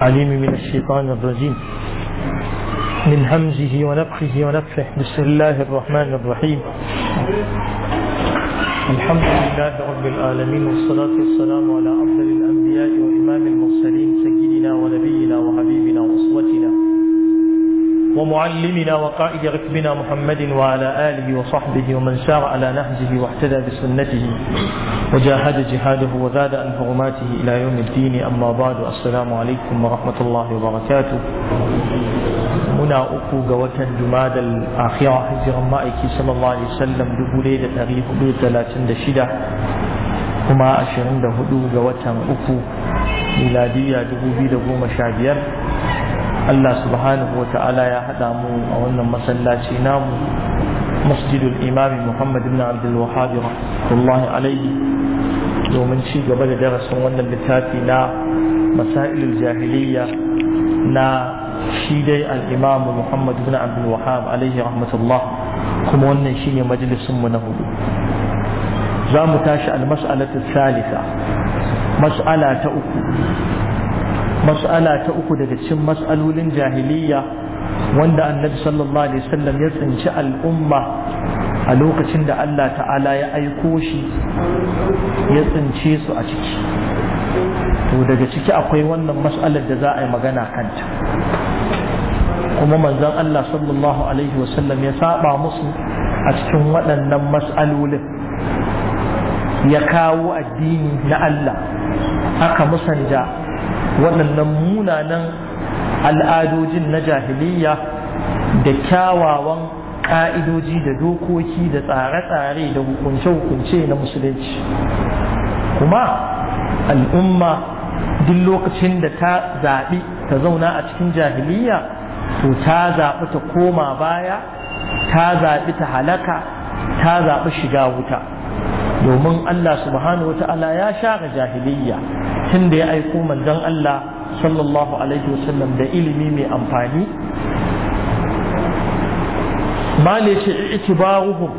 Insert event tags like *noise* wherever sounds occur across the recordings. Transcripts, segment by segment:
عليم من الشيطان الرجيم من همزه ونفخه ونفخه بسم الله الرحمن الرحيم الحمد لله رب العالمين والصلاة والسلام على أفضل الأنبياء وإمام المرسلين سيدنا ونبينا وحبيبنا وصحبنا ومعلمنا وقائد ركبنا محمد وعلى آله وصحبه ومن سار على نهجه واحتدى بسنته وجاهد جهاده وزاد عن حرماته إلى يوم الدين أما بعد السلام عليكم ورحمة الله وبركاته هنا أكو قوة جماد الآخرة هجر مائك صلى الله عليه وسلم دبولي لتاريخ دول ثلاثين دشدة كما أشرين دهدو قوة أكو ميلادية دبو بي دبو مشابير Allah subhanahu wa ta'ala ya haɗa mu a wannan masallaci namu masjidul imami Muhammad ibn Abdul Wahhab alaihi domin ci gaba da darasin wannan littafi na masailul jahiliya na shi dai al-imam Muhammad ibn Abdul Wahhab alaihi rahmatullah kuma wannan shine majalisin mu na hudu za mu tashi al-mas'alatu thalitha mas'ala ta uku mas'ala ta uku daga cikin mas'alolin jahiliya wanda annabi sallallahu alaihi wasallam ya tsinci al'umma a lokacin da Allah ta'ala ya aiko shi ya tsince su a ciki to daga ciki akwai wannan mas'alar da za a yi magana kanta kuma manzon Allah sallallahu alaihi wasallam ya saba musu a cikin waɗannan mas'alolin ya kawo addini na Allah aka musanja waɗannan munanan al'adojin na jahiliya da kyawawan ƙa'idoji da dokoki da tsare-tsare da hukunce-hukunce na musulunci kuma al'umma duk lokacin da ta zaɓi ta zauna a cikin jahiliya to ta zaɓi ta koma baya ta zaɓi ta halaka ta zaɓi shiga wuta domin Allah subhanahu ya share jahiliya tun da ya aiko manzon Allah sallallahu alaihi wasallam da ilimi mai amfani ma ne ce itibaruhum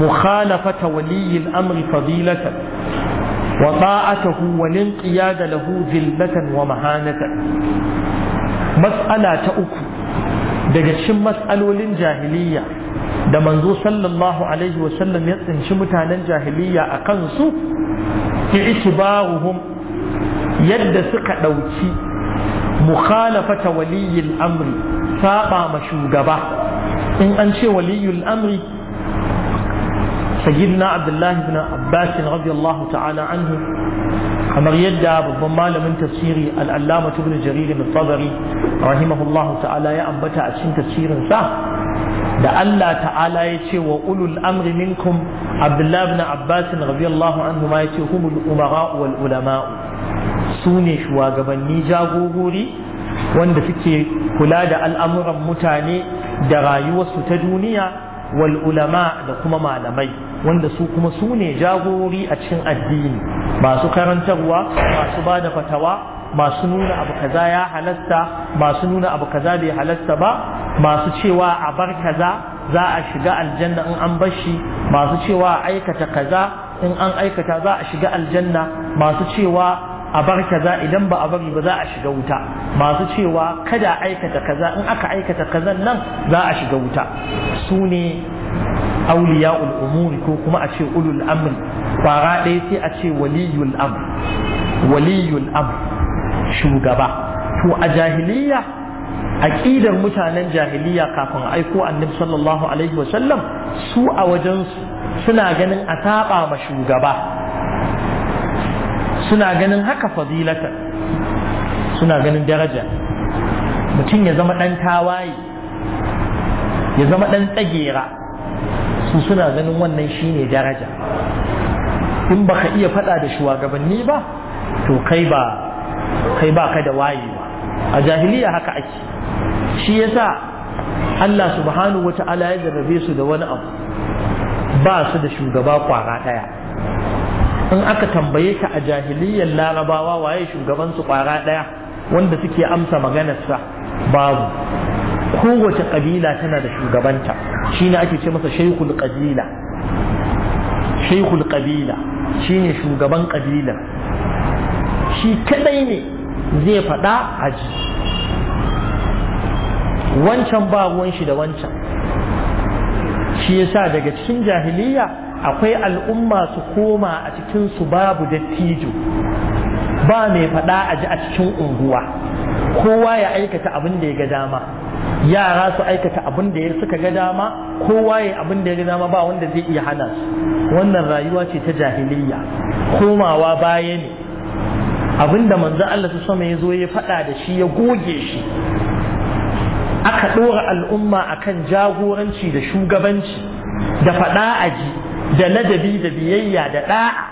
mukhalafata waliyil amri fadilatan wa ta'atuhu wa linqiyada lahu zillatan wa mahanata mas'ala ta uku daga cikin mas'alolin jahiliya da manzo sallallahu alaihi wasallam ya tsinci mutanen jahiliya a kansu itibaruhum yadda suka ɗauki mukhalafata waliyul amri saba ma shugaba in an ce waliyul amri kamar yadda babban malamin tafsiri al'allama ibn jarir ibn tabari rahimahullahu ya ambata a cikin tafsirin da Allah ta'ala ya ce wa ulul amri minkum abdullahi ya ce humul umara wal ulama'u su ne shugabanni jagogori wanda suke kula da al'amuran mutane da rayuwarsu ta duniya wal ulama da kuma malamai wanda su kuma su ne jagori a cikin addini masu karantarwa masu ba da fatawa masu nuna abu kaza ya halasta masu nuna abu kaza bai halasta ba masu cewa a bar kaza za a shiga aljanna in an bashi masu cewa aikata kaza in an aikata za a shiga aljanna masu cewa a bar kaza idan ba a bari ba za a shiga wuta masu cewa kada aikata kaza in aka aikata kazan nan za a shiga wuta su ne auliya'ul umuri ko kuma a ce ulul amr ɗaya sai a ce waliyul amr waliyul shugaba to a jahiliya aqidar mutanen jahiliya kafin aiko annabi sallallahu alaihi wasallam su a wajensu suna ganin a saba ma shugaba suna ganin haka fadilata suna ganin daraja mutum ya zama ɗan tawaye ya zama ɗan tsagera su suna ganin wannan shi ne daraja in baka iya faɗa da shugabanni ba to kai ba kai ba ka da wayewa a jahiliya haka ake shi ya sa Allah subhanahu wata'ala ya jarrabe su da wani abu ba su da shugaba kwara ɗaya in aka tambaye ka a jahiliyyar larabawa waye shugaban su kwara daya wanda suke amsa maganarsa babu kowace kabila tana da shugabanta shine ake ce masa shaykhul qabila shaykhul qabila shine shugaban kabila shi kadai ne zai faɗa aji wancan ba ruwan shi da wancan shi yasa daga cikin jahiliyya akwai al'umma su koma a cikinsu babu dattijo ba mai faɗa a ji a cikin unguwa kowa ya aikata abin da ya ga dama yara su aikata abin da suka ga dama kowa ya abin da ya ga dama ba wanda zai iya hana su wannan rayuwa ce ta jahiliyya komawa baya ne abin da manzo Allah su sama ya zo ya faɗa da shi ya goge shi aka ɗora al'umma akan jagoranci da shugabanci da faɗa a ji. da ladabi da biyayya da ɗa'a.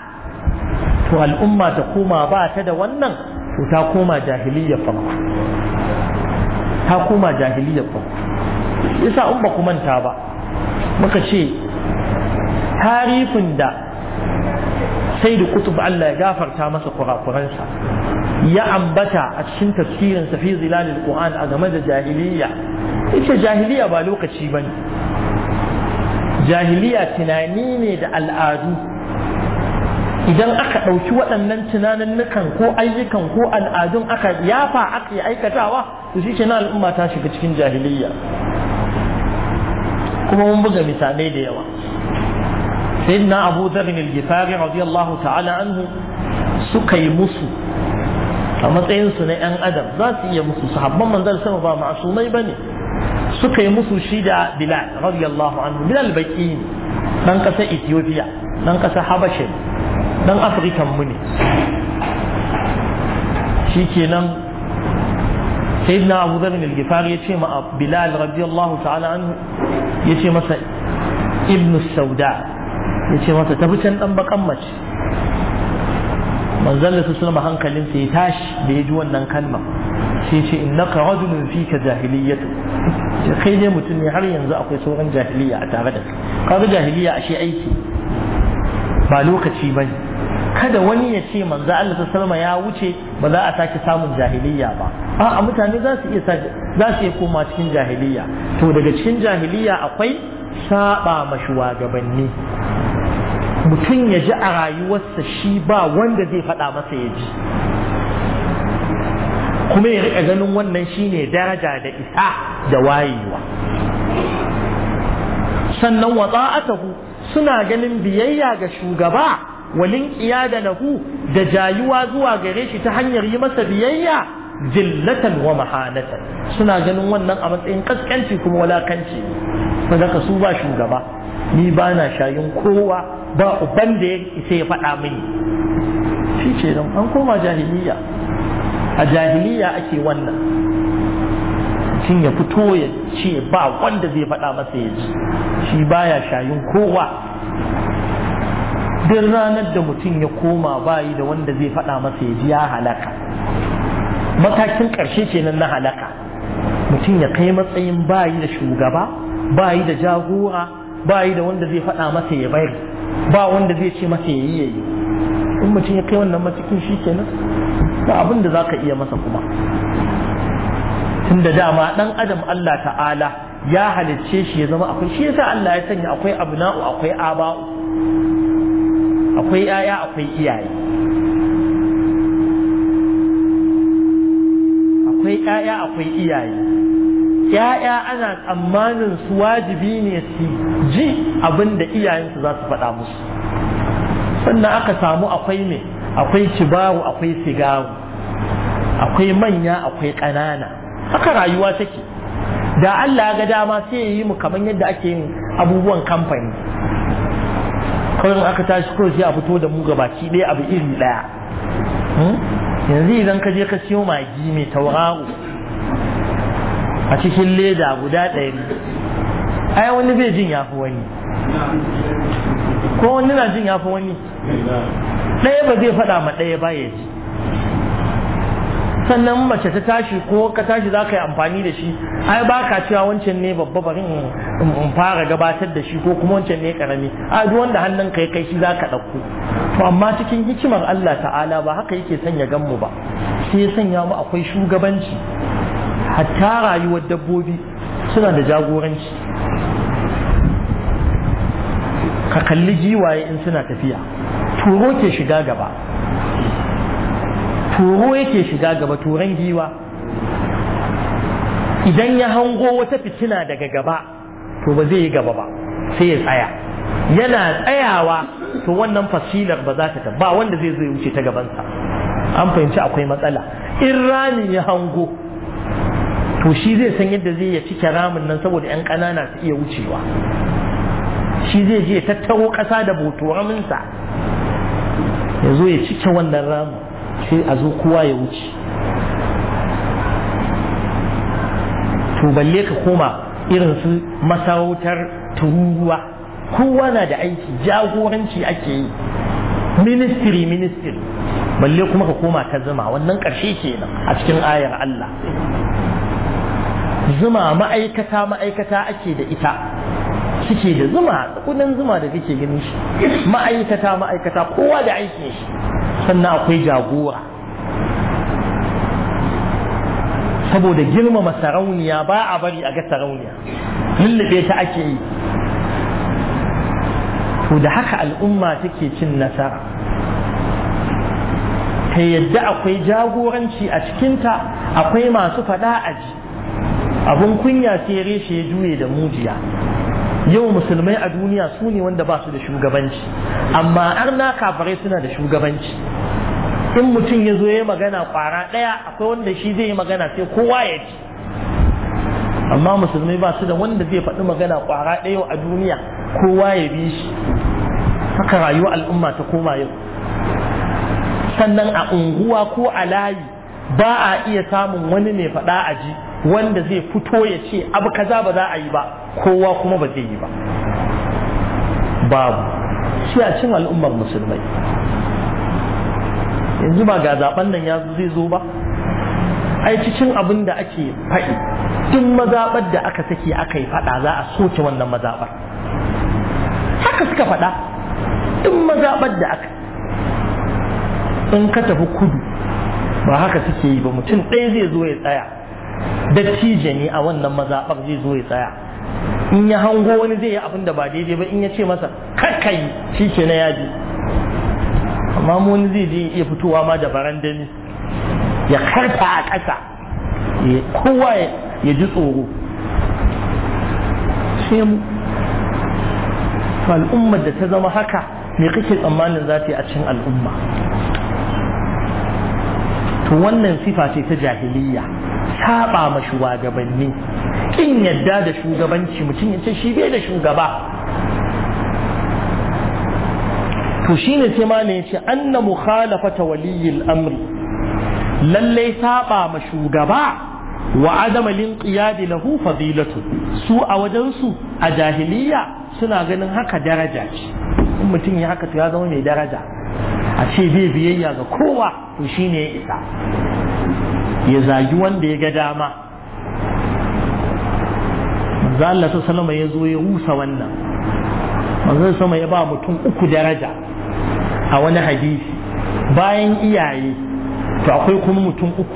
to al'umma ta koma ba ta da wannan to ta koma jahiliyyar farko ta koma jahiliyyar farko in ba ku manta ba muka ce tarifin da sai da kutub Allah ya gafarta masa kurakuransa ya ambata a cikin tafsirin sa zilalil qur'an a game da jahiliya ita jahiliya ba lokaci bane jahiliya tunani ne da al'adu idan aka ɗauki waɗannan tunaninnukan ko ayyukan ko al'adun aka yafa aka yi aikatawa to shi ke na al'umma ta shiga cikin jahiliya kuma mun buga misalai da yawa sayyidina abu zarin al radiyallahu ta'ala anhu suka yi musu a matsayinsu na 'yan adam za su iya musu sahabban manzan sama ba ma'asumai ba ne suka yi musu shi da bilal radiyallahu anhu bilal baki ne dan kasar ethiopia dan kasar habashin dan afirkan mu ne shikenan sayyidina abu dharr al-ghifari ya ce ma bilal radiyallahu ta'ala anhu ya ce masa Ibn sauda ya ce masa tafi can dan bakan mace manzon da su hankalinsa ya tashi da ya ji wannan kalmar sai ce innaka rajulun fika jahiliyatu kai ne mutum ne har yanzu akwai sauran jahiliya a tare da kai kaga jahiliya ashe aiki ba lokaci ne kada wani ya ce manzo Allah ta salma ya wuce ba za a sake samun jahiliya ba a mutane za su iya za su iya koma cikin jahiliya to daga cikin jahiliya akwai saba ma shugabanni mutum ya ji a rayuwarsa shi ba wanda zai faɗa masa ya ji kuma ya riƙa ganin wannan shine daraja da isa da wayewa sannan wata'atahu suna ganin biyayya ga shugaba walin da lahu da jayuwa zuwa gare shi ta hanyar yi masa biyayya jillatan wa mahanatan suna ganin wannan a matsayin kaskanci kuma walakanci saboda su ba shugaba ni ba na shayin kowa ba uban da ya isa ya faɗa mini shi ce an koma jahiliya a jahiliya ake wannan mutum ya fito ya ce ba wanda zai faɗa masa ya ji shi baya shayin kowa duk ranar da mutum ya koma bayi da wanda zai faɗa masa ya ji ya halaka matakin ƙarshe kenan na halaka mutum ya kai matsayin bayi da shugaba bayi da jagora bayi da wanda zai faɗa masa ya bayar. ba wanda zai ce masa ya yi ya yi in mutum ya kai wannan matakin shi kenan da abin da za ka iya masa kuma tunda dama dan adam Allah ta'ala ya halicce shi ya zama akwai shi yasa Allah ya sanya akwai abna'u akwai aba'u akwai yaya akwai iyaye akwai yaya akwai iyaye yaya ana tsammanin su wajibi ne su ji abin da iyayensu za su faɗa musu sannan aka samu akwai mai akwai kibaru akwai sigaru akwai manya akwai ƙanana haka rayuwa take da Allah ga dama sai ya yi mu kamar yadda ake yin abubuwan kamfani kawai aka tashi kawai sai a fito da mu baki ɗaya abu iri ɗaya hmm? yanzu idan ka je ka siyo magi mai tauraro a cikin leda guda ɗari ai wani bai jin yafi wani ko wani na jin yafi wani ɗaya ba zai faɗa ma ɗaya ba ya ji sannan mace ta tashi ko ka tashi za ka yi amfani da shi ai ba ka cewa wancan ne babba bari in fara gabatar da shi ko kuma wancan ne karami a duk wanda hannun ka kai shi za ka ɗauko to amma cikin hikimar Allah ta'ala ba haka yake sanya gan mu ba sai ya sanya mu akwai shugabanci hatta rayuwar dabbobi suna da jagoranci ka kalli giwaye in suna tafiya turo ke shiga gaba turo yake shiga gaba turan giwa idan ya hango wata fitina daga gaba to ba zai yi gaba ba sai ya tsaya yana tsayawa to wannan fasilar ba za ta ba wanda zai zo ya wuce ta gabansa an fahimci akwai matsala in ramin ya hango to shi zai san yadda zai ya cike ramin nan saboda 'yan ƙanana su iya wucewa shi zai je tattaro ƙasa da boto raminsa ya zo ya cike wannan ramu sai a zo kowa ya wuce to balle ka koma irin su masarautar tururuwa kowa na da aiki jagoranci ake yi ministry ministry balle kuma ka koma ta zama wannan ƙarshe kenan a cikin ayar Allah zuma ma'aikata ma'aikata ake da ita suke da zuma kudin zuma da kake ganin shi ma'aikata ma'aikata kowa da aikin shi sannan akwai jagora saboda girmama sarauniya ba a bari a ga sarauniya lullube ta ake yi to da haka al'umma take cin nasara ta yadda akwai jagoranci a cikinta akwai masu fada aji abun kunya sai reshe ya juye da mujiya yau musulmai a duniya su ne wanda ba su da shugabanci amma arna kafarai suna da shugabanci in mutum ya zo ya yi magana kwara ɗaya akwai wanda shi zai yi magana sai kowa ya ci amma musulmai ba su da wanda zai faɗi magana kwara ɗaya a duniya kowa ya bi shi haka rayuwa al'umma ta koma yau sannan a unguwa ko a layi ba a iya samun wani mai faɗa a ji wanda zai fito ya ce abu kaza ba za a yi ba kowa kuma ba zai yi ba babu shi a cin al'ummar musulmai yanzu ba ga zaben nan ya zai zo ba ai cikin abin da ake faɗi duk mazaɓar da aka saki aka yi faɗa za a soke wannan mazaɓar haka suka faɗa duk mazaɓar da aka in ka tafi kudu ba haka suke yi ba mutum ɗaya zai zo ya tsaya dattijo ne a wannan mazaɓar zai zo ya tsaya in ya hango wani zai yi abin da ba daidai ba in ya ce masa kakkayi shi ke na yaji amma mu wani zai je iya fitowa ma da barandani ya karfa a ƙasa kowa ya ji tsoro sai mu al'ummar da ta zama haka me kake tsammanin za ta yi a cikin al'umma to wannan sifa ce ta jahiliya saba ma shugabanni kin yadda da shugabanci mutum ya ce shi bai da shugaba to shine sai ma ne ya ce anna mukhalafata waliyil amri lallai saba ma shugaba wa adama linqiyadi lahu fadilatu su a wajen su a jahiliya suna ganin haka daraja ce in mutum ya haka to ya zama mai daraja a ce bai biyayya ga kowa to shine ya isa ya zagi wanda ya ga dama manzo Allah sallama ya zo ya rusa wannan manzo sama ya ba mutum uku daraja a wani hadisi bayan iyaye to akwai kuma mutum uku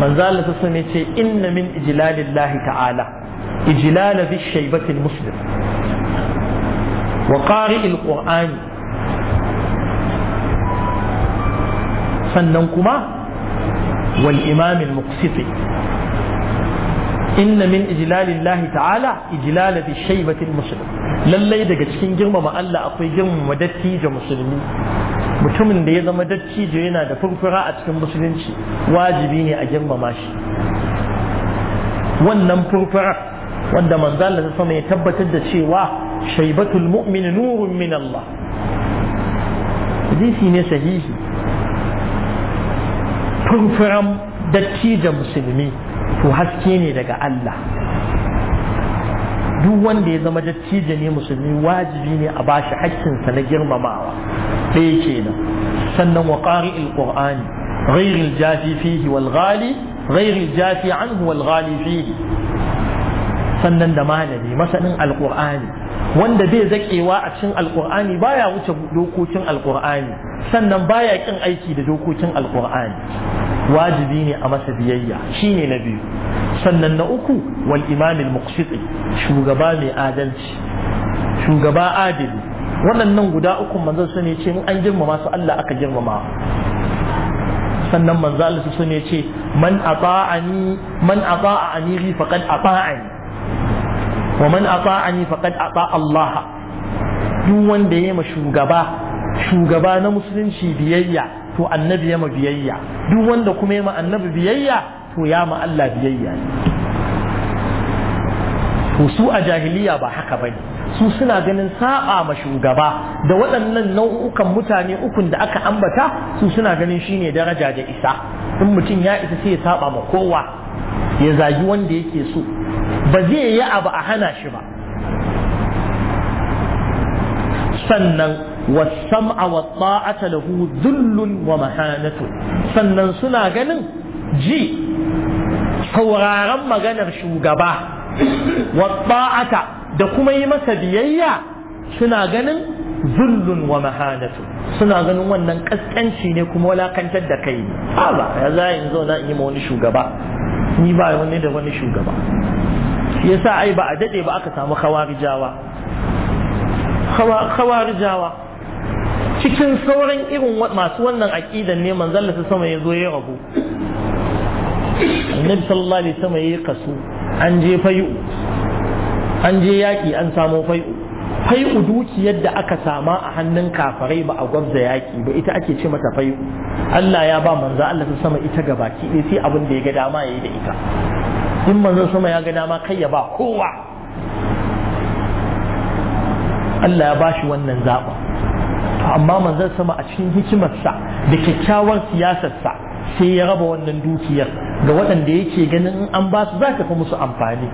manzo Allah ya ce inna min ijlalillahi ta'ala ijlal bi shaybati muslim wa qari alquran sannan kuma wal imam al inna min ijlalillahi ta'ala ijlala bi shaybatil muslim lallai daga cikin girmama Allah akwai girmama dattijo musulmi mutumin da ya zama dattijo yana da furfura a cikin musulunci wajibi ne a girmama shi wannan furfura wanda Manzala ta sama ya tabbatar da cewa shaybatul mu'min nurun min Allah hadisi ne sahihi furfuran dattijo musulmi to haske ne daga Allah duk wanda ya zama dattijo ne musulmi wajibi ne a bashi hakkinsa na girmamawa ɗaya kenan sannan wa ƙari alƙur'ani ghairil jafi fihi wal ghali jafi anhu wal ghali sannan da malami masanin alƙur'ani wanda bai zakewa a cikin alkur'ani baya wuce dokokin alkur'ani sannan baya kin aiki da dokokin alkur'ani wajibi ne a masa biyayya shine na biyu sannan na uku wal imamil muqsiti shugaba mai adalci shugaba adili waɗannan guda uku manzon su ne ce in an girmama su Allah aka girmama sannan manzo Allah su ne ce man ata'ani man ata'ani faqad ata'ani wa man ata'ani faqad ata Allah duk wanda ya ma shugaba shugaba na musulunci biyayya to annabi ya ma biyayya duk wanda kuma ya ma annabi biyayya to ya ma Allah biyayya to su a jahiliya ba haka bane su suna ganin saba ma shugaba da waɗannan nau'ukan mutane ukun da aka ambata su suna ganin shine daraja da isa in mutum ya isa sai ya saba ma kowa ya zagi wanda yake so ba zai yi abu a hana shi ba sannan wasam a ta'ata lahu dhullun wa mahanatu sannan suna ganin ji sauraron maganar shugaba waɓa'ata da kuma yi masa biyayya suna ganin zullun wa mahanatu suna ganin wannan kaskanci ne kuma walakantar da kai ne ba ya za in zo na in yi ma wani shugaba ni ba wani da wani shugaba Ya sa ai ba a daɗe ba aka samu khawarijawa khawarijawa cikin sauran irin masu wannan aƙidan ne manzon Allah sama ya zo ya rabu annabi sallallahu alaihi wasallam ya kasu an je fayu an je yaƙi an samu fayu fayu dukiyar da aka sama a hannun kafarai ba a gwabza yaƙi ba ita ake ce mata fayu Allah ya ba manzo Allah sama ita baki ɗaya sai abin da ya ga dama yayi da ita in manzon sama ya ga dama kai ya ba kowa Allah ya bashi wannan zaba amma manzon sama a cikin hikimarsa da kyakkyawar siyasarsa sai ya raba wannan dukiyar ga waɗanda yake ganin an ba su za ta fi musu amfani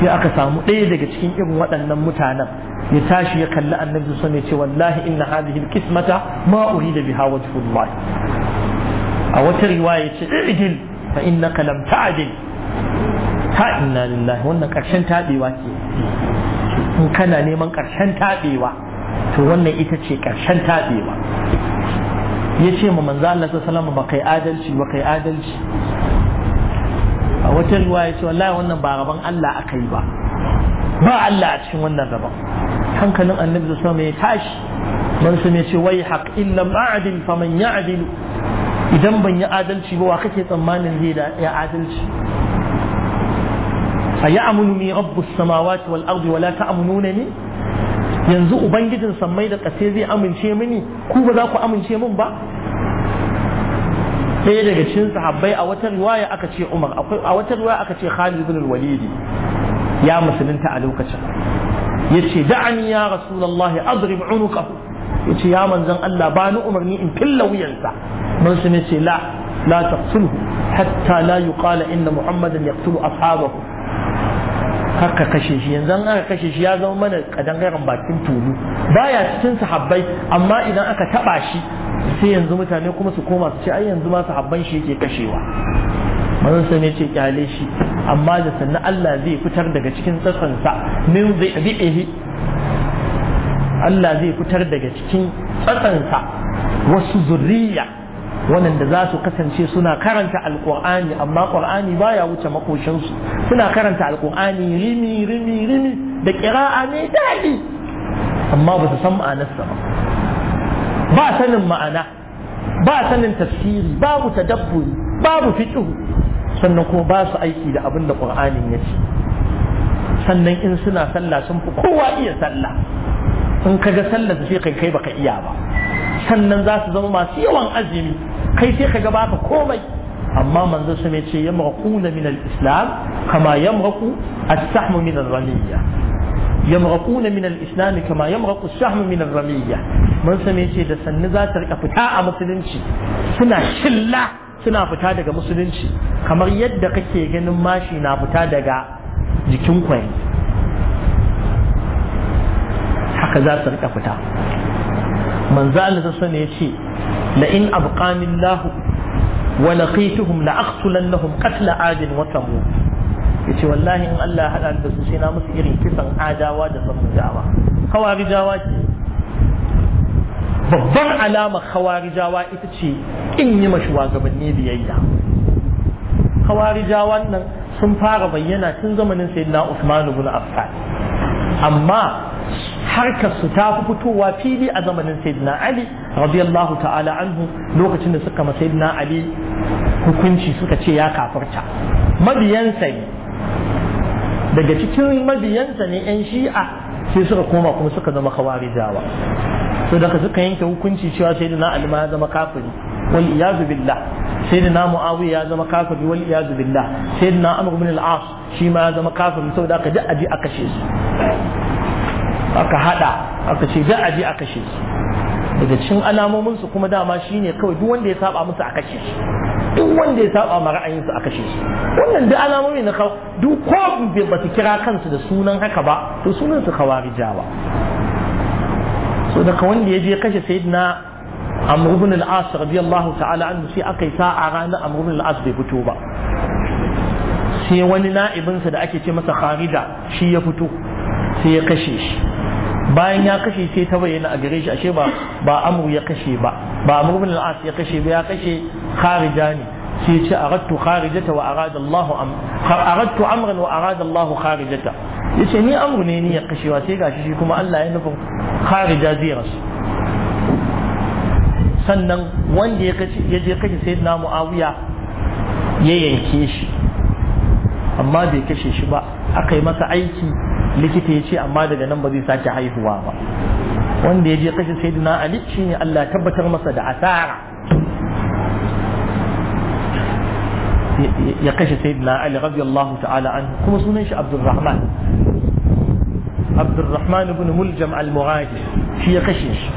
sai aka samu ɗaya daga cikin irin waɗannan mutanen ya tashi ya kalli annabi sun ce wallahi inna hadhihi alqismata ma urida biha wajhullah a wata riwaya ce idil fa innaka lam ta'dil ha inna lillahi wannan karshen taɓewa ce in kana neman karshen taɓewa to wannan ita ce karshen taɓewa ya ce ma manzo Allah sallallahu ba kai adalci ba kai adalci a wata ruwa ya ce wallahi wannan ba rabon Allah aka yi ba ba Allah a cikin wannan rabon hankalin annabi sallallahu alaihi wasallam ya tashi man su ne ce wai haq illam a'dil faman ya'dil idan ban yi adalci ba wa kake tsammanin zai ya adalci ayamunu rabbus samawati wal ardi wala ta'mununani yanzu ubangijin sammai da ƙasai zai amince mini ku ba za ku amince min ba ɗaya daga cikin sahabbai a wata riwaya aka ce Umar a wata riwaya aka ce Khalid ibn al-Walid ya musulunta a lokacin yace da'ani ya rasulullahi adrib unukahu yace ya manzon Allah ba ni umarni in filla wuyansa manzo ne ce la la taqtulhu hatta la yuqala inna muhammadan yaqtulu ashabahu haka kashe shi yanzu an aka kashe shi ya zama mana kadangaren bakin tulu baya cikin sahabbai amma idan aka taba shi sai yanzu mutane kuma su koma su ce ai yanzu ma sahabban shi yake kashewa manzon sai ne ce kyale shi amma da sanna Allah zai fitar daga cikin tsatsansa min zai'ihi Allah zai fitar daga cikin tsatsansa wasu zurriya waɗanda za su kasance suna karanta alƙur'ani amma ƙur'ani baya wuce makoshinsu suna karanta alƙur'ani rimi rimi rimi da ƙira'a mai daɗi amma ba su san ma'anarsa ba ba sanin ma'ana ba sanin tafsiri babu tadabburi babu fiqhu sannan kuma ba su aiki da abin da ƙur'anin ya ce sannan in suna sallah sun fi kowa iya sallah in ka ga sallar sai kai kai baka iya ba sannan za su zama masu yawan azumi kai sai ka ga baka komai amma manzo su mai ce yamraquna min al-islam kama yamraqu as sahm min ar-ramiyya yamraquna min al-islam kama yamraqu as sahm min ar-ramiyya mun su mai ce da sanni za ta rika fita a musulunci suna shilla suna fita daga musulunci kamar yadda kake ganin mashi na fita daga jikin kwai haka za ta rika fita manzo Allah ta sani yace la in abqani Allah wa laqituhum la aqtulannahum qatla adin wa yace wallahi in Allah hada da su sai na musu irin kisan adawa da samudawa khawarijawa ce babban alama khawarijawa ita ce in yi ma shugabanni biyayya khawarijawa nan sun fara bayyana tun zamanin sayyidina Usman ibn Affan amma harkar su ta fi fitowa fili a zamanin sayyidina ali radiyallahu ta'ala anhu lokacin da suka ma sayyidina ali hukunci suka ce ya kafarta mabiyansa ne daga cikin mabiyansa ne yan shi'a sai suka koma kuma suka zama kawari khawarijawa to daga suka yanke hukunci cewa sayyidina ali ma ya zama kafiri wal iyazu billah sayyidina muawiya ya zama kafiri wal iyazu billah sayyidina amr ibn al-as shi ma ya zama kafiri saboda aka ji aji a kashe su aka hada aka ce za a je a kashe su daga cikin alamomin su kuma dama shi ne kawai duk wanda ya saba musu a kashe shi duk wanda ya saba ma ra'ayin su a kashe shi wannan duk alamomi na kawo duk ko ba su kira kansu da sunan haka ba to sunan su kawari jawa. so daga wanda ya je kashe sayyidina amr ibn al-as radiyallahu ta'ala anhu sai aka yi sa'a ranar amr ibn al-as bai fito ba sai wani na'ibinsa da ake ce masa kharija shi ya fito sai ya kashe shi bayan ya kashe sai ta bayyana a gare shi ashe ba ba amru ya kashe ba ba amru bin al-as ya kashe ba ya kashe kharija ne sai ce aradtu kharijata wa arada Allah am aradtu amran wa arada Allah kharijata yace ni amru ne ni ya kashewa sai gashi shi kuma Allah ya nufin kharija zai rasu sannan wanda ya kashe ya je kashe na Muawiya ya yanke shi amma bai kashe shi ba aka yi masa aiki likita ya ce amma daga nan ba zai sake haihuwa ba wanda ya je kashe sayyidina ali shi ne Allah tabbatar masa da asara ya kashe sayyidina ali radiyallahu ta'ala an kuma sunan shi abdurrahman abdurrahman ibn muljam al-muradi shi ya kashe shi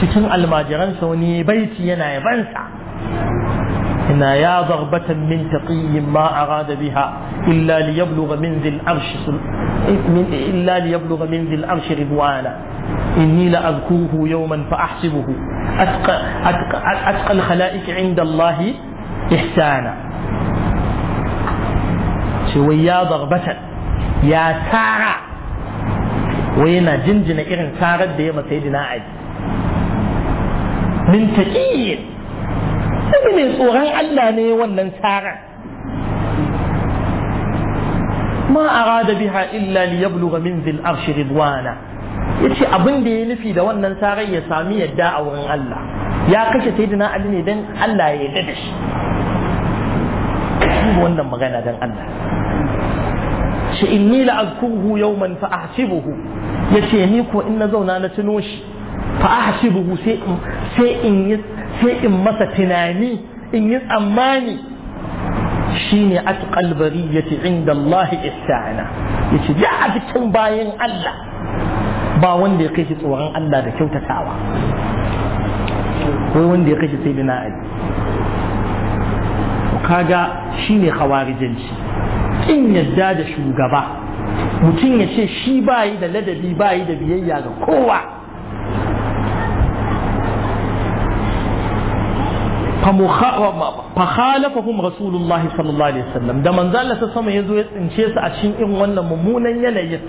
cikin almajiransa wani baiti yana yabansa إن يا ضربة من تقي ما أراد بها إلا ليبلغ من ذي العرش من إلا ليبلغ من ذي العرش رضوانا إني لأذكره يوما فأحسبه أتقى, أتقى, أتقى الخلائق عند الله إحسانا ويا ضربة يا سارة وينا جنجنة إرن سارة ديما سيدنا عز من تقي sai mai tsoron Allah ne wannan tsaran ma arada biha illa li yablugha min dhil arsh ridwana ce abin da ya nufi da wannan tsaran ya sami yadda a wurin Allah ya kashe sayyidina Ali ne dan Allah ya yadda da shi wannan magana don Allah ce inni la azkuruhu yawman fa ahsibuhu ce ni ko in na zauna na tuno shi fa ahsibuhu sai in sai in yi sai in masa tunani in yi tsammani Shi shine ya ce inda Allah ya ce ya a cikin bayan Allah ba wanda ya kai shi tsoron Allah da kyautatawa ko wanda ya kai shi sai bina ali kaga ne khawarijanci in yadda da shugaba mutum ya ce shi bayi da ladabi bayi da biyayya ga kowa fa khalafahum rasulullahi sallallahu alaihi wasallam da manzo Allah ta sama yazo ya tsince su a cikin irin wannan mummunan yanayin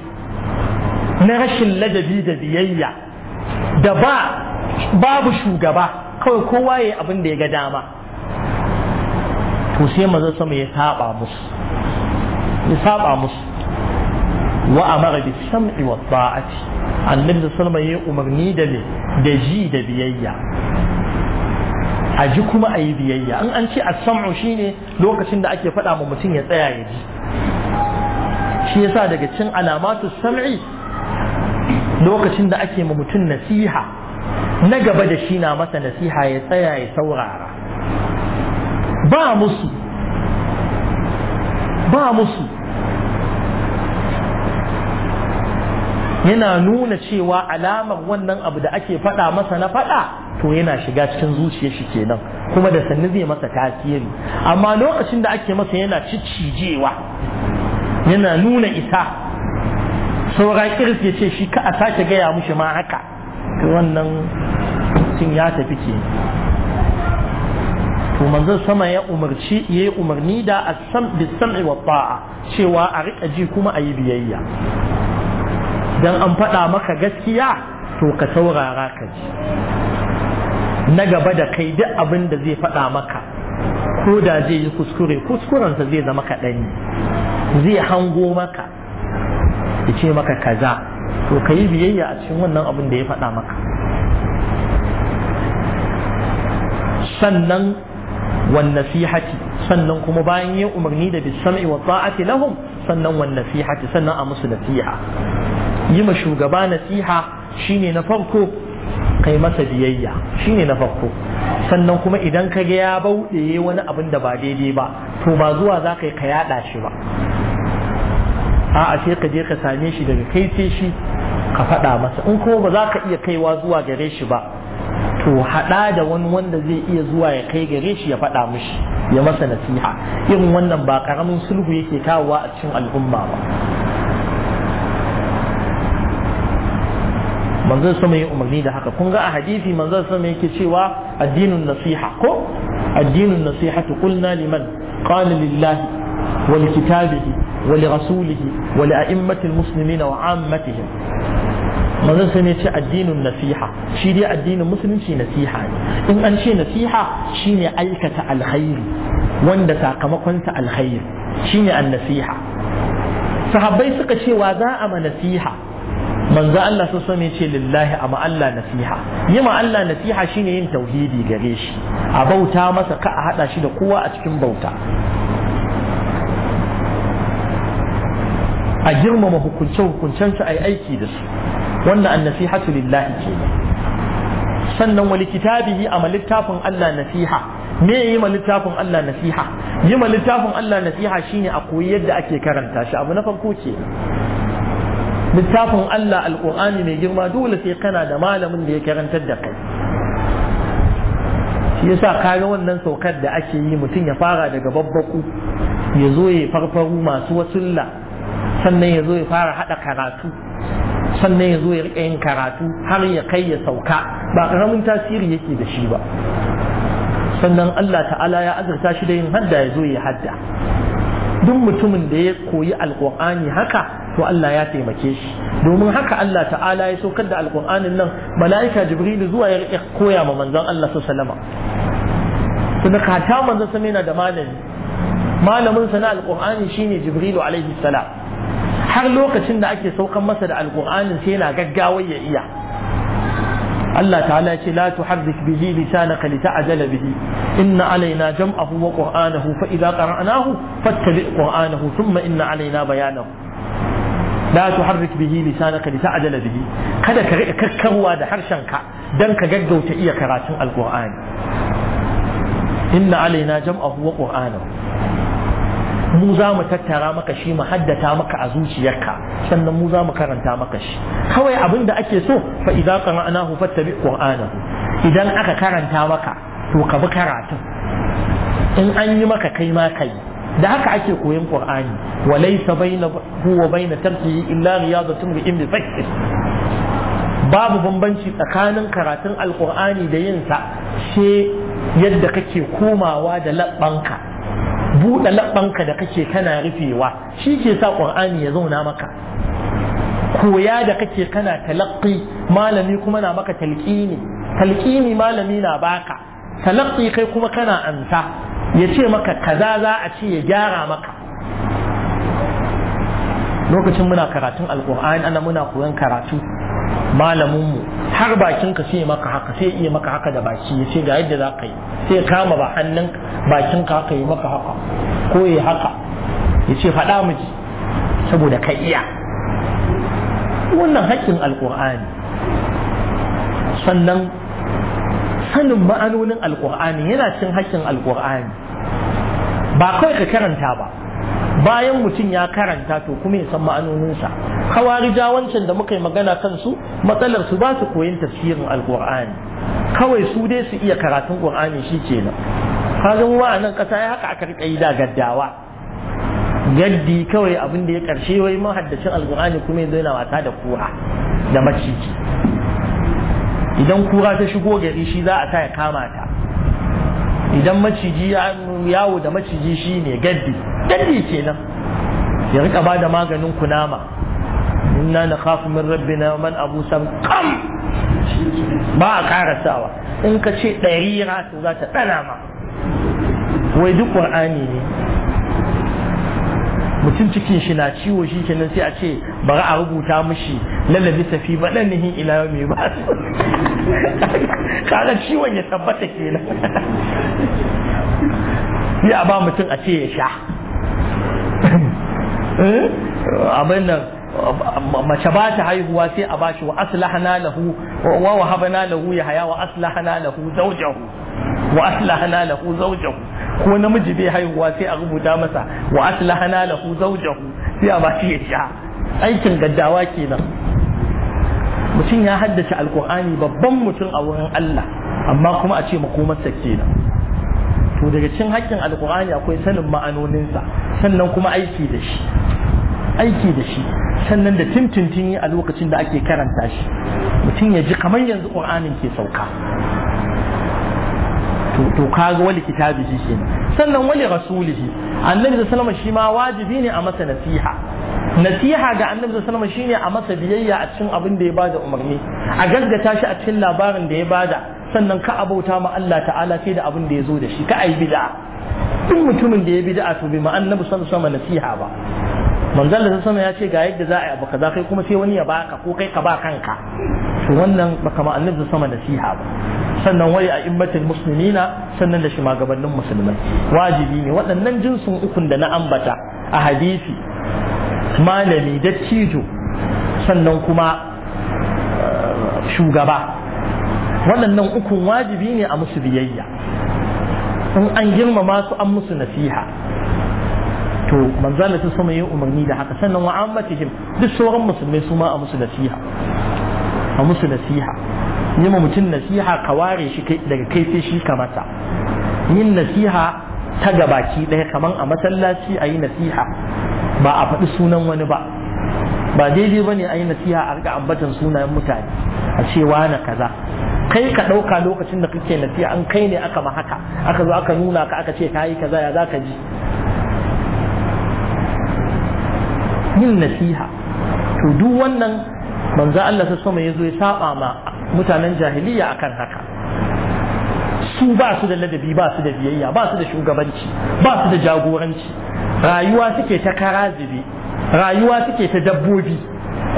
na rashin ladabi da biyayya da ba babu shugaba kawai kowa yayi abin da ya ga dama to sai manzo sama ya saba musu ya saba musu wa amara bi sam'i wa ta'ati annabi sallallahu alaihi wasallam ya umarni da da ji da biyayya a ji kuma a yi biyayya in an ce a sam'u shine lokacin da ake faɗa ma mutum ya tsaya ya ji shi yasa daga cin alamatu sam'i lokacin da ake ma mutum nasiha na gaba da shi na masa nasiha ya tsaya ya saurara ba musu ba musu yana nuna cewa alamar wannan abu da ake faɗa masa na faɗa to yana shiga cikin zuciyar shi kenan kuma da sannu zai masa tasiri amma lokacin da ake masa yana ciccijewa yana nuna ita sauran irin ya ce shi ka a sake gaya mushi ma haka to wannan cin ya tafi ke to manzon sama ya umarci ya umarni da a sam sam'i wa ta'a cewa a riƙa ji kuma a yi biyayya idan an faɗa maka gaskiya to ka saurara ka ji na gaba da kai duk abin da zai faɗa maka ko da zai yi kuskure kuskurensa zai zama kaɗan zai hango maka ya ce maka kaza to ka yi biyayya a cikin wannan abin da ya faɗa maka sannan wan nasihati sannan kuma bayan yin umarni da bisam'i wa ta'ati lahum sannan wan nasihati sannan a musu nasiha yi ma shugaba nasiha shine na farko kai masa biyayya shine na farko sannan kuma idan ka ga ya bauɗe wani abin da ba daidai ba to ba zuwa za ka yi ka yaɗa shi ba a'a sai ka je ka same shi daga kai sai shi ka faɗa masa in kuma ba za ka iya kaiwa zuwa gare shi ba to haɗa da wani wanda zai iya zuwa ya kai gare shi ya faɗa mishi ya masa nasiha irin wannan ba ƙaramin sulhu yake kawowa a cikin al'umma ba manzon sama ya umarni da haka kun ga a hadisi manzon sama yake cewa addinin nasiha ko addinin nasiha ta kulna liman qala lillahi wa likitabihi wa rasulihi wa a'immatil muslimina wa ammatihim manzon sama ya ce addinin nasiha shi dai addinin musulunci nasiha ne in an ce nasiha shine aikata alkhairi wanda sakamakonsa alkhairi shine an nasiha sahabbai suka ce wa za a ma nasiha manzo Allah sun ya ce lillahi amma Allah nasiha yi Allah nasiha shine yin tauhidi gare shi a bauta masa ka a hada shi da kowa a cikin bauta a girmama hukunce hukuncen su ai aiki da su wannan an nasihatu lillahi ke sannan wali kitabihi amma littafin Allah nasiha me yi ma littafin Allah nasiha yi ma littafin Allah nasiha shine a koyi yadda ake karanta shi abu na farko ke littafin Allah alƙur'ani mai girma dole sai kana da malamin da ya karantar da kai shi yasa kaga wannan saukar da ake yi mutum ya fara daga babbaku ya zo ya farfaru masu wasulla sannan ya zo ya fara haɗa karatu sannan ya zo ya riƙa yin karatu har ya kai ya sauka ba ƙaramin tasiri yake da shi ba sannan Allah ta'ala ya azurta shi da yin hadda ya zo ya hadda duk mutumin da ya koyi alƙur'ani haka to Allah ya taimake shi domin haka Allah ta'ala ya saukar da alƙur'anin nan mala'ika jibrilu zuwa ya koya ma manzon Allah sallama kuma kata manzon sama yana da malami malamin sa na alƙur'ani shine jibrilu alaihi salam har lokacin da ake saukar masa da alƙur'anin sai yana gaggawa ya iya Allah ta'ala ya ce la tuharrik bihi lisanaka lita'jala bihi inna alaina jam'ahu wa qur'anahu fa idza qara'nahu fattabi' qur'anahu thumma inna alaina bayanahu la tuharrik bihi lisanaka lita'jala bihi kada ka rika karkarwa da ka dan ka gaggauta iya karatun alqur'ani inna alaina mu za mu tattara maka shi mu haddata maka a zuciyarka sannan mu za mu karanta maka shi kawai abin da ake so fa idza qara'nahu fattabi idan aka karanta maka to ka bi karatun in an yi maka kai ma kai da haka ake koyon qur'ani wa laysa bayna huwa bayna tarkihi illa riyadatun bi ibn babu bambanci tsakanin karatun alqur'ani da yin sa she yadda kake komawa da labbanka buɗe labbanka da kake kana rufewa shi ke sa qur'ani ya zauna maka koya da kake kana talaqqi malami kuma na maka talqini talqini malami na baka talaqqi kai kuma kana ansa ya ce maka kaza za a ce ya gyara maka lokacin muna karatun alkur'ani ana muna koyon karatu malaminmu har ka sai maka haka sai iya maka haka da baki ya ce ga yadda za ka yi sai kama ba hannun ka haka yi maka haka ko ya haka ya ce faɗa miji saboda ka iya wannan haƙƙin alkur'ani sannan sanin ma'anonin alkur'ani yana cin haƙƙin alkur'ani ba kawai ka karanta ba bayan mutum ya karanta to kuma ya san ma'anoninsa kawarija wancan da muka yi magana kan su matsalar su ba su koyin tafsirin alkur'ani kawai su dai su iya karatun qur'ani shi kenan kaga mu a nan kasa ya haka aka rika yi da gaddawa gaddi kawai abin da ya karshe wai mahaddacin alkur'ani kuma ya zaina wata da kura da maciji idan kura ta shigo gari shi za a sa ya kama ta idan maciji yawo da maciji shi ne gaddi gaddi kenan ya rika ba da maganin kunama inna na khafu min rabbina man abu sam kam ba a karasawa in ka ce ɗari to za ta ɗana ma wai duk Al-Qur'ani ne mutum cikin shi na ciwo shi kenan sai a ce bari a rubuta mishi lallabi safi ba dan nihin ila mai ba *laughs* kaga ciwon ya tabbata kenan *laughs* sai a ba mutum a ce ya sha *laughs* eh? abin nan mace ba ta haihuwa sai a bashi wa aslahna lahu ووهبنا له يحيى واصلحنا له زوجه واصلحنا له زوجه ko namiji bai haihuwa sai a rubuta masa wa aslahana lahu zawjahu sai a bashi ya sha aikin gaddawa kenan mutum ya haddace alkur'ani babban mutum a wurin Allah amma kuma a ce makomarsa kenan to daga cikin haƙƙin alkur'ani akwai sanin ma'anoninsa sannan kuma aiki da shi aiki da shi sannan da tintintin a lokacin da ake karanta shi mutum ya ji kamar yanzu ƙur'anin ke sauka to kaga wani kitabi shi ne sannan wani wali rasulihi annabi da salama shi ma wajibi ne a masa nasiha nasiha ga annabi da salama shi ne a masa biyayya a cikin abin da ya bada umarni a gaggata shi a cikin labarin da ya bada sannan ka abauta ma Allah ta'ala sai da abin da ya zo da shi ka ai bid'a duk mutumin da ya bi bid'a to bai ma'annabi sallallahu alaihi nasiha ba manzon da sama ya ce ga yadda za a yi abu za kai kuma sai wani ya baka ko kai ka ba kanka to wannan baka ma annabi sama nasiha ba sannan wai a immatul muslimina sannan da shugabannin musulmai wajibi ne waɗannan jinsin ukun da na ambata a hadisi malami dattijo sannan kuma uh, shugaba waɗannan ukun wajibi ne a musu biyayya in an girmama su an musu nasiha to manzo Allah sama yin umarni da haka sannan wa ammatihim duk sauran musulmai su ma a musu nasiha a musu nasiha yi ma mutum nasiha ka ware shi daga kai sai shi ka mata yin nasiha ta gabaki ɗaya kamar a masallaci a yi nasiha ba a faɗi sunan wani ba ba daidai ba ne a yi nasiha a riga ambatan sunayen mutane a ce na kaza kai ka ɗauka lokacin da kake nasiha an kai ne aka ma aka zo aka nuna ka aka ce ka yi kaza ya za ka ji yin nasiha to duk wannan manzo Allah ta sama yazo ya saba ma mutanen jahiliya akan haka su ba su da ladabi ba su da biyayya ba su da shugabanci ba su da jagoranci rayuwa suke ta karazibi rayuwa suke ta dabbobi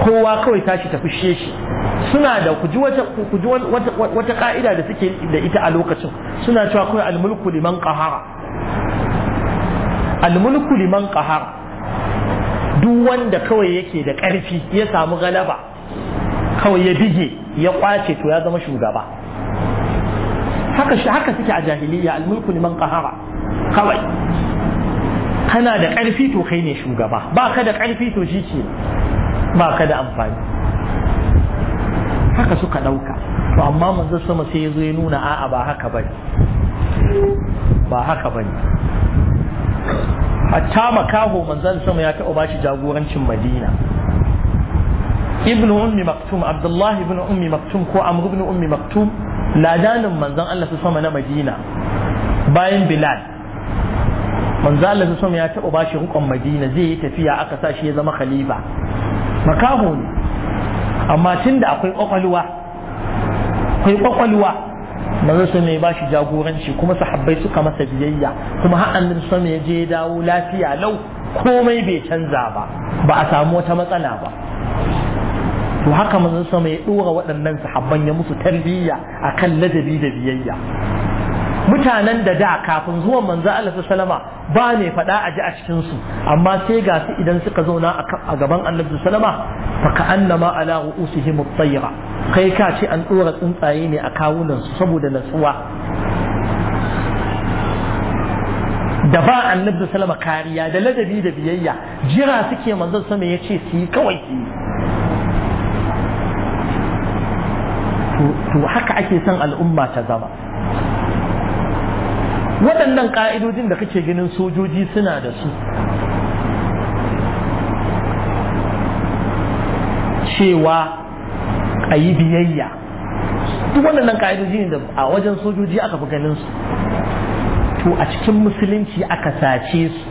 kowa kawai tashi ta fushe shi suna da kuji wata kuji wata ka'ida da suke da ita a lokacin suna cewa kawai almulku liman qahara almulku liman qahara duk wanda kawai yake da ƙarfi ya samu galaba kawai ya bige ya kwace to ya zama shugaba haka shi haka suke a jahiliya almulku liman qahara kawai kana da ƙarfi to kai ne shugaba ba ka da ƙarfi to shi ke ba ka da amfani haka suka ɗauka to amma manzo sama sai ya zo ya nuna a'a ba haka bane ba haka bane hatta makaho manzan sama ya taɓa bashi jagorancin madina ibn ummi maktum abdullahi ibn ummi maktum ko amr ibn ummi maktum ladanin manzan Allah su sama na madina bayan bilal manzan Allah su sama ya taɓa bashi rukon madina zai yi tafiya aka sa shi ya zama khalifa makaho ne amma tun da akwai kwakwalwa akwai kwakwalwa manzo sai mai bashi jagoranci kuma sahabbai suka masa biyayya kuma har annabi sallallahu ya je dawo lafiya lau komai bai canza ba ba a samu wata matsala ba to haka manzo sama ya dora waɗannan sahabban ya musu tarbiyya akan ladabi da biyayya mutanen da da kafin zuwan manzo Allah sallama ba ne faɗa a ji a cikin su amma sai ga su idan suka zauna a gaban Annabi sallama fa ka annama ala ru'usihim at-tayra kai ka ce an dora tsuntsaye ne a kawunan su saboda natsuwa da ba Annabi sallama kariya da ladabi da biyayya jira suke manzon sama yace su yi kawai su yi to haka ake son al'umma ta zama waɗannan ƙa'idojin da kake ganin sojoji suna da su cewa a yi biyayya duk waɗannan ƙa'idojin da a wajen sojoji aka fi ganin su to a cikin musulunci aka sace su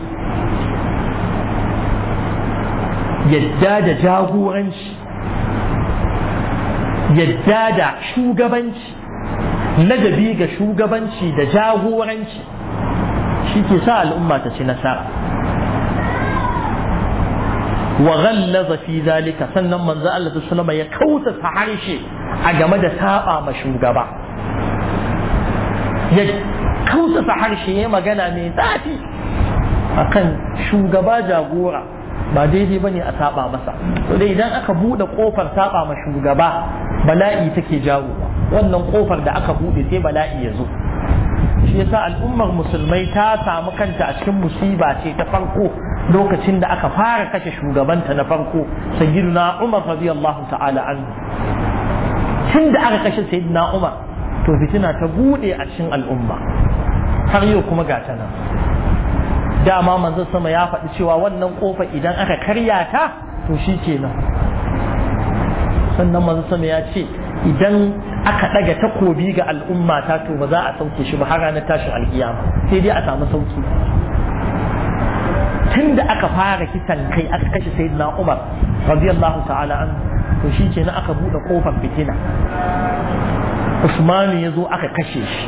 yadda da jagoranci yadda da shugabanci ladabi ga shugabanci da jagoranci shi ke sa al'umma ta ci nasara wa ghallaza fi zalika sannan manzo Allah sallama ya kauta ta harshe a game da saba ma shugaba ya kauta ta harshe ya magana mai zafi akan shugaba jagora ba daidai bane a saba masa to dai idan aka bude kofar saba ma shugaba bala'i take jawo wannan kofar da aka buɗe sai bala'i ya zo shi yasa al'ummar musulmai ta samu kanta a cikin musiba ce ta farko lokacin da aka fara kashe shugabanta na farko sayyiduna Umar radiyallahu ta'ala anhu tun da aka kashe sayyiduna Umar to fitina ta bude a cikin al'umma har yau kuma ga ta nan dama manzo sama ya faɗi cewa wannan kofa idan aka karya ta to shikenan sannan manzo sama ya ce idan aka ɗaga takobi ga al'umma ta to ba za a sauke shi ba har ranar tashin alkiyama sai dai a samu sauki tun da aka fara kisan kai aka kashe na umar radiyallahu ta'ala an to shi kenan aka buɗe kofar fitina usmanu ya zo aka kashe shi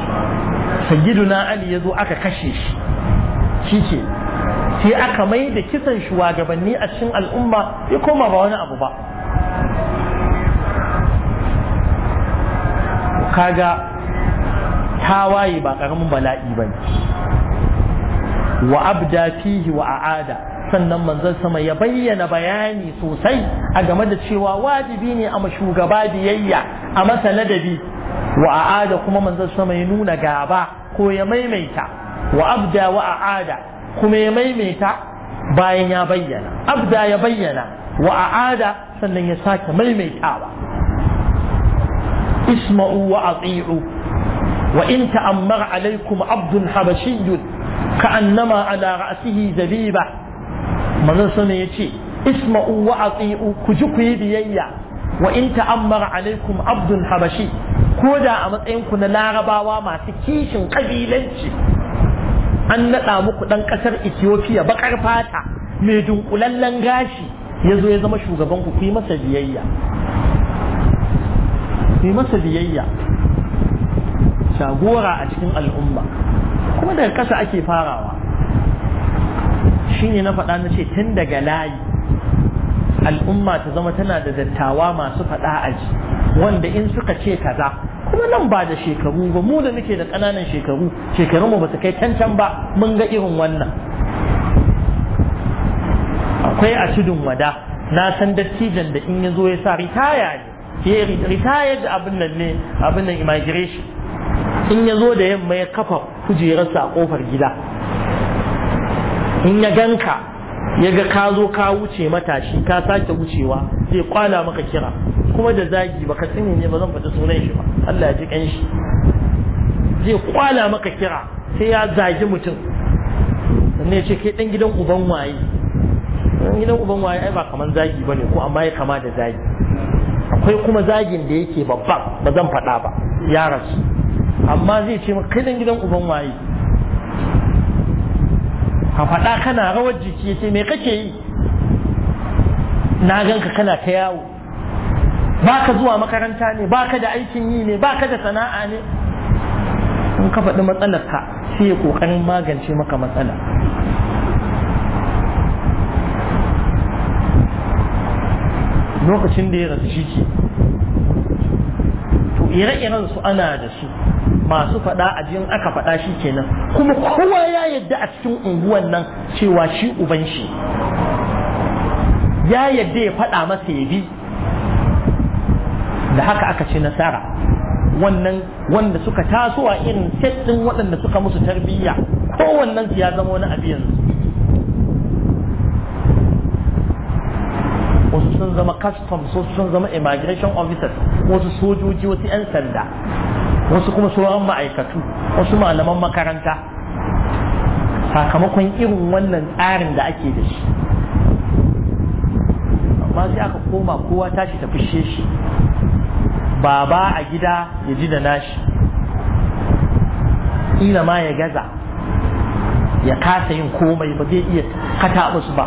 sayyiduna ali ya zo aka kashe shi shi ke sai aka mai da kisan shugabanni a cikin al'umma ya koma ba wani abu ba kaga tawaye ba karamin bala'i ba wa abda fihi wa a'ada sannan manzon sama ya bayyana bayani sosai a game da cewa wajibi ne a shugaba biyayya a masa ladabi wa a'ada kuma manzon sama ya nuna gaba ko ya maimaita wa abda wa a'ada kuma ya maimaita bayan ya bayyana abda ya bayyana wa a'ada sannan ya sake maimaitawa isma'u wa ati'u wa in ta'ammar alaikum abdun habashiyyun ka'annama ala ra'sihi zabiba manzon sama yace isma'u wa ati'u ku ji ku yi biyayya wa in ta'ammar alaikum abdun habashi ko da a matsayin ku na larabawa masu kishin kabilanci an naɗa muku ɗan ƙasar Ethiopia baƙar fata mai dunkulallen gashi ya zo ya zama shugaban ku kuyi masa biyayya sai masa biyayya shagora a cikin al'umma kuma daga ƙasa ake farawa shine na faɗa na ce tun daga layi al'umma ta zama tana da dattawa masu faɗa aji wanda in suka ce kaza kuma nan ba da shekaru ba mu da muke da ƙananan shekaru shekarun mu ba su kai can-can ba mun ga irin wannan akwai a tudun wada na san dattijan da in ya zo ya sa ritaya ne ya retired abin nan ne abin nan immigration in ya zo da yamma ya kafa kujerarsa a kofar gida in ya ganka ya ga ka zo ka wuce matashi ka sake wucewa zai kwala maka kira kuma da zagi baka sani ne ba zan faɗi sunan shi ba Allah ya ji kanshi zai kwala maka kira sai ya zagi mutum sannan ya ce kai dan gidan uban waye dan gidan uban waye ai ba kaman zagi bane ko amma ya kama da zagi akwai kuma zagin da yake babban ba zan faɗa ba ya rasu amma zai ce maka kai dan gidan uban waye a faɗa kana rawar jiki ya ce me kake yi na ganka kana ta yawo ba ka zuwa makaranta ne ba ka da aikin yi ne ba ka da sana'a ne in ka faɗi matsalarka sai ya ƙoƙarin magance maka matsala lokacin da ya rasu shi ke to ire-iren su ana da su masu faɗa a jin aka faɗa shi kenan kuma kowa ya yadda a cikin unguwan nan cewa shi uban shi ya yadda ya faɗa masa ya bi da haka aka ci nasara wannan wanda suka taso a irin set ɗin waɗanda suka musu tarbiyya kowannen su ya zama wani abu yanzu wasu sun zama customs wasu sun zama immigration officers wasu sojoji wasu 'yan sanda wasu kuma sauran ma'aikatu wasu malaman makaranta sakamakon irin wannan tsarin da ake da shi amma sai aka koma kowa tashi ta fishe shi baba a gida ya ji da nashi ila ma ya gaza ya kasa yin komai ba zai iya kata musu ba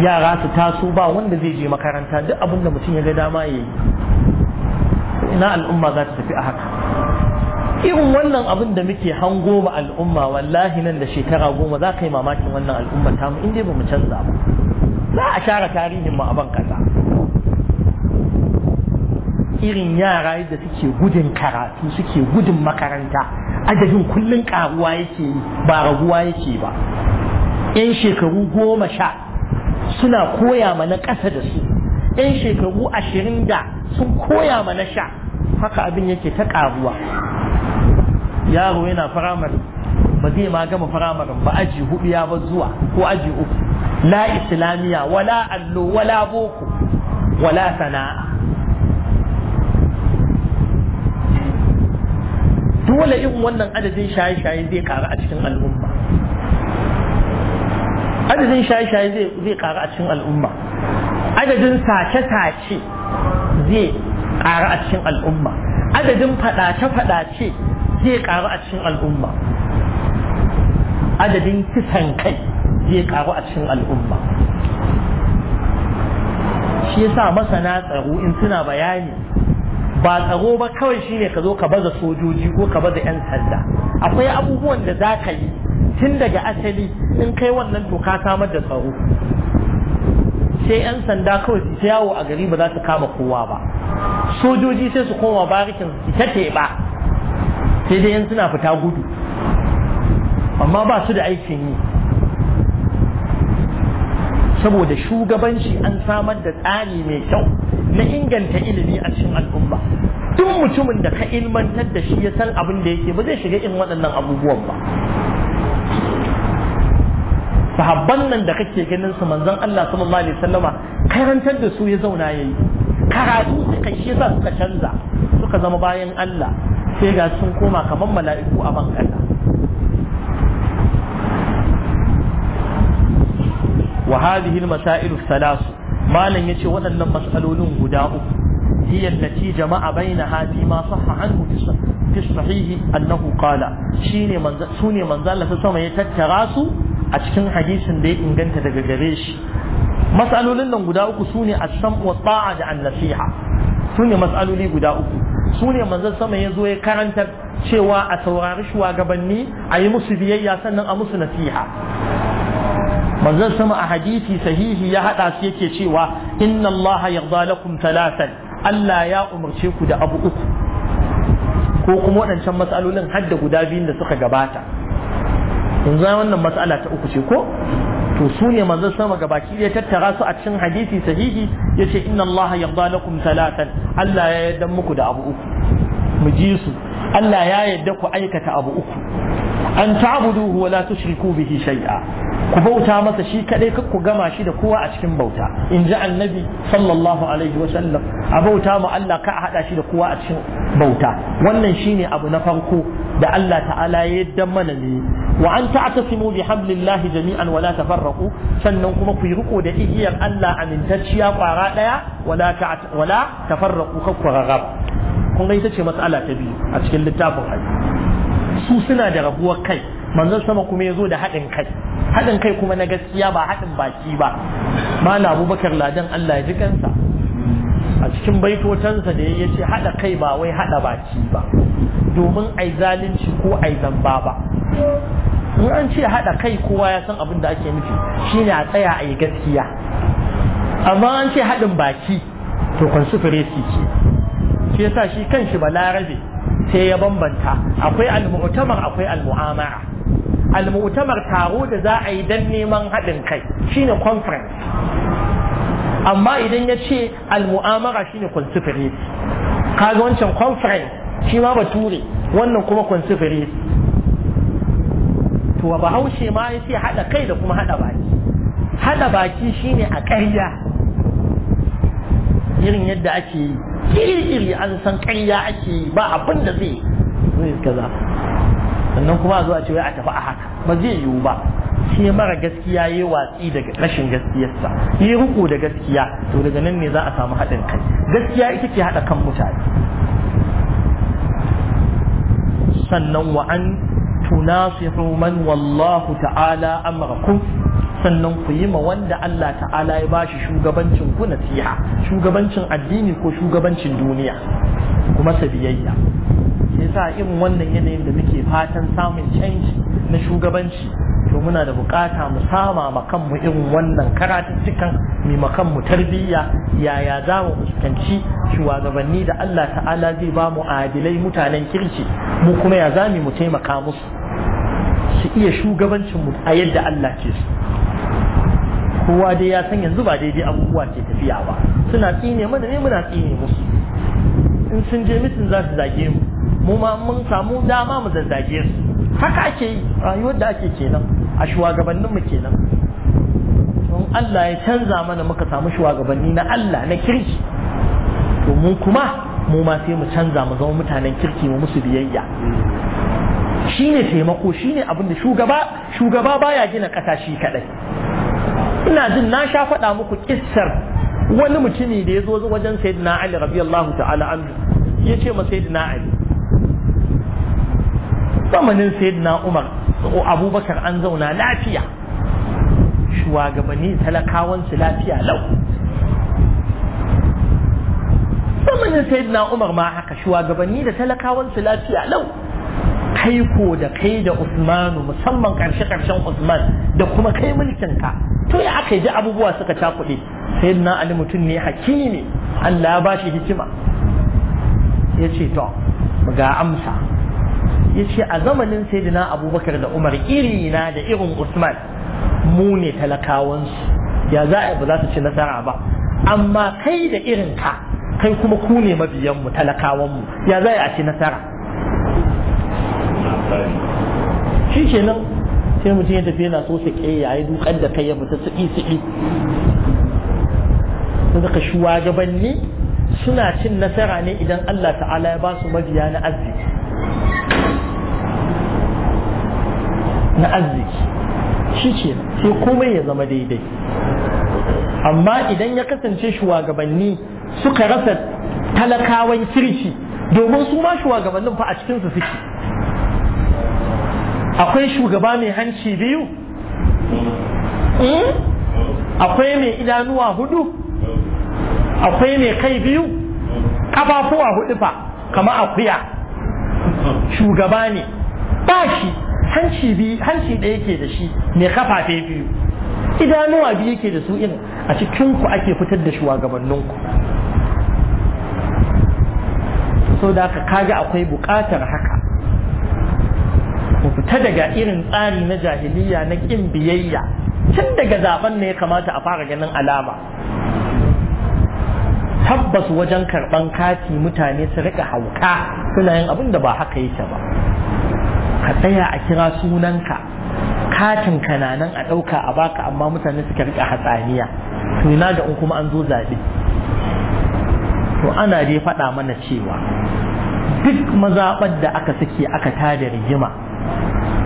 yara su taso ba wanda zai je makaranta duk abin da mutum ya ga dama ya yi ina al'umma za ta tafi a haka irin wannan abin da muke hango ba al'umma wallahi nan da shekara goma za ka yi mamakin wannan al'umma ta mu inda ba mu canza ba za a share tarihin mu a ban kaza irin yara da suke gudun karatu suke gudun makaranta adadin kullun karuwa yake ba raguwa yake ba yan shekaru goma sha suna koya mana ƙasa da su ɗan shekaru ashirin da sun koya ma sha haka abin yake ta ƙaruwa yaro yana firamare ba zai ma gama firamare ba aji hudu ya ba zuwa ko aji uku la islamiya wala allo wala boko wala sana'a dole irin wannan adadin shaye-shaye zai karu a cikin al'umma adadin shaye-shaye zai ƙara a cikin al'umma adadin sace-sace zai ƙara a cikin al'umma adadin faɗace-faɗace zai ƙaru a cikin al'umma adadin kisan kai zai ƙaru a cikin al'umma shi yasa masana tsaro in suna bayani ba tsaro ba kawai shine ka zo ka baza sojoji ko ka baza 'yan sanda akwai abubuwan da za ka yi tun daga asali in kai wannan to ka samar da tsaro sai 'yan sanda kawai su yawo a gari ba za su kama kowa ba sojoji sai su koma barikin su ta teba sai dai yan suna fita gudu amma ba su da aikin yi saboda shugabanci an samar da tsari mai kyau na inganta ilimi a cikin al'umma duk mutumin da ka ilmantar da shi ya san abin da yake ba zai shiga irin waɗannan abubuwan ba sahabban nan da kake ganin su manzon Allah sallallahu alaihi wasallama karantar da su ya zauna yayi karatu suka shi yasa suka canza suka zama bayan Allah sai ga sun koma kamar mala'iku a ban Allah wa hadhihi al-masail al-thalath malan yace waɗannan mas'alolin guda uku هي التي جمع بينها فيما صح عنه في الصحيح أنه قال شيني من سوني من ذا لسسما يتتراسو a cikin hadisin da ya inganta daga gare shi matsalolin nan guda uku su ne a wa ta'a da nasiha. su ne matsaloli guda uku su ne mazan sama ya zo ya karanta cewa a saurari shugabanni a yi musu biyayya sannan a musu nasiha manzan sama a hadisi sahihi ya haɗa su yake cewa inna allaha yarda lakum talatan Allah ya umarce ku da abu uku ko kuma waɗancan matsalolin hadda guda biyun da suka gabata yanzu wannan matsala ta uku ce ko to su ne manzon sama ga baki ya tattara su a cikin hadisi sahihi yace inna allaha yarda lakum talatan Allah ya yarda muku da abu uku mu ji su Allah ya yarda ku aikata abu uku an ta'buduhu wa la tushriku bihi shay'a ku bauta masa shi kadai kar ku gama shi da kowa a cikin bauta in ji annabi sallallahu alaihi wa sallam a bauta mu Allah ka hada shi da kowa a cikin bauta wannan shine abu na farko da Allah ta'ala ya yarda mana ne wa an ta'tasimu bi hablillahi jami'an wa la tafarraqu sannan kuma kuyi yi da igiyar Allah amintacciya kwara daya wa la wa la tafarraqu kakkurarab kun ga ce mas'ala ta biyu a cikin littafin hadisi su suna da rabuwar kai manzon sama kuma ya zo da haɗin kai haɗin kai kuma na gaskiya ba haɗin baki ba malam abubakar ladan Allah ya ji kansa a cikin baitotansa da ya ce haɗa kai ba wai haɗa baki ba domin ai zalunci ko ai zamba ba in an ce haɗa kai kowa ya san abin da ake nufi shine a tsaya a yi gaskiya amma an ce haɗin baki to su ce shi yasa shi kanshi balarabe sai ya bambanta akwai almu'tamar akwai almu'amara almu'tamar taro da za a yi dan neman haɗin kai shine conference amma idan ya ce al-mu'amara shine considerate kaga wancan conference shi ma bature wannan kuma considerate to ba haushe ma ya ce haɗa kai da kuma haɗa baki haɗa baki shine a ƙarya irin yadda ake yi iri an san ƙarya ake yi ba abin da zai zai kaza sannan kuma a zo a ce wai a tafi a haka ba zai yiwu ba sai mara gaskiya yi watsi daga rashin gaskiyarsa yi riko da gaskiya to daga nan ne za a samu haɗin kai gaskiya ita ke haɗa kan mutane sannan wa an tunasihu man wallahu ta'ala amrakum sannan ku yi ma wanda Allah ta'ala ya bashi shugabancin ku nasiha shugabancin addini ko shugabancin duniya kuma sabiyayya Me yasa irin wannan yanayin da muke fatan samun canji na shugabanci to muna da bukata mu sama ma kanmu irin wannan karatuttukan mai mu mu tarbiyya yaya za mu fuskanci shugabanni da Allah ta'ala zai ba mu adilai mutanen kirki mu kuma ya zami mu taimaka musu su iya shugabancin mu a yadda Allah ke su kowa dai ya san yanzu ba daidai abubuwa ke tafiya ba suna tsine mana ne muna tsine musu in sun je mitin za su zage mu mu ma mun samu dama mu zazzage su haka ake yi rayuwar da ake kenan a shugabanninmu kenan don Allah ya canza mana muka samu shugabanni na Allah na kirki to mu kuma mu ma sai mu canza mu zama mutanen kirki mu musu biyayya shine taimako shine abin da shugaba shugaba baya gina kasa shi kadai ina jin na sha faɗa muku kissar wani mutumi da ya zo wajen sayyidina Ali radiyallahu ta'ala anhu ya ce ma sayyidina Ali zamanin sayyidina umar ko abubakar an zauna lafiya shugabanni talakawansu lafiya lau zamanin sayyidina umar ma haka shugabanni da talakawansu lafiya lau kai ko da kai da usmanu musamman karshe karshen usman da kuma kai mulkin ka to ya aka ji abubuwa suka cakuɗe sayyidina ali mutum ne hakimi Allah ya bashi hikima ya ce to ga amsa yace a zamanin sayyidina abubakar da umar iri na da irin usman mu ne talakawansu ya za a ba za su ci nasara ba amma kai da irin ka kai kuma ku ne mabiyanmu talakawanmu ya za a ci nasara shi ke nan sai mutum ya tafi yana so su ke ya yi dukan da kai ya fita suɗi suɗi sun saka shugabanni suna cin nasara ne idan Allah ta'ala ya ba su mabiya na arziki na arziki shi ce sai komai ya zama daidai amma idan ya kasance shugabanni suka rasa talakawan kirki domin su ma shugabannin fa a cikinsu suke akwai shugaba mai hanci biyu hmm? akwai mai idanuwa hudu akwai mai kai biyu kafafuwa hudu fa kama akuya shugaba ne ba shi hanci biyu hanci ɗaya ke da shi mai kafafe biyu idanuwa biyu ke da su irin a cikin ku ake fitar da shugabannin ku so da ka kaga akwai buƙatar haka ku fita daga irin tsari na jahiliya na ƙin biyayya tun daga zaben ne ya kamata a fara ganin alama tabbas wajen karɓan kati mutane su rika hauka suna yin abin da ba haka yake ba ka tsaya a kira sunanka katin kananan a ɗauka a baka amma mutane suka rika hatsaniya to ina ga in kuma an zo zaɓe to ana dai faɗa mana cewa duk mazaɓar da aka sake aka tada rigima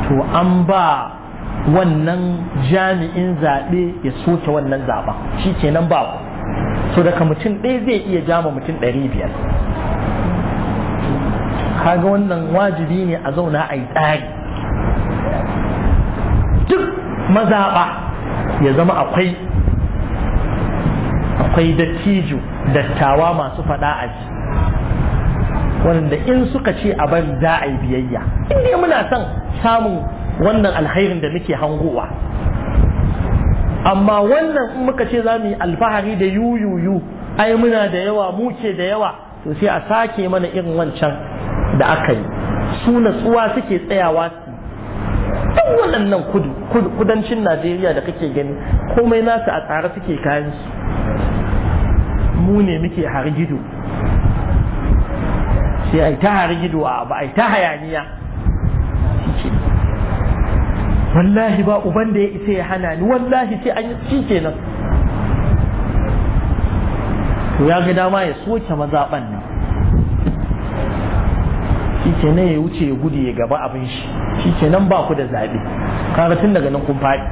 to an ba wannan jami'in zaɓe ya soke wannan zaɓen shi kenan ba so daga mutum ɗaya zai iya jama mutum ɗari biyar kaga wannan wajibi ne a zauna a yi tsari duk mazaɓa ya zama akwai akwai dattijo dattawa masu faɗa a ji wanda in suka ce a bari za a yi biyayya dai muna son samun wannan alhairin da muke hangowa amma wannan in muka ce za mu yi alfahari da yuyuyu ai muna da yawa muke da yawa to sai a sake mana irin wancan da aka yi su natsuwa suke tsayawa su duk waɗannan Kudu kudancin najeriya da kake gani komai nasu a tsare suke kayan su mu ne muke hargido sai a yi ta hargido a ba a yi ta hayaniya wallahi ba uban da ya isa ya hana ni wallahi sai an yi shi kenan to ya ga dama ya soke mazaɓan nan shi ke nan ya wuce ya gudu ya gaba abin shi shi ke nan ba ku da zaɓe kaga tun daga nan kun faɗi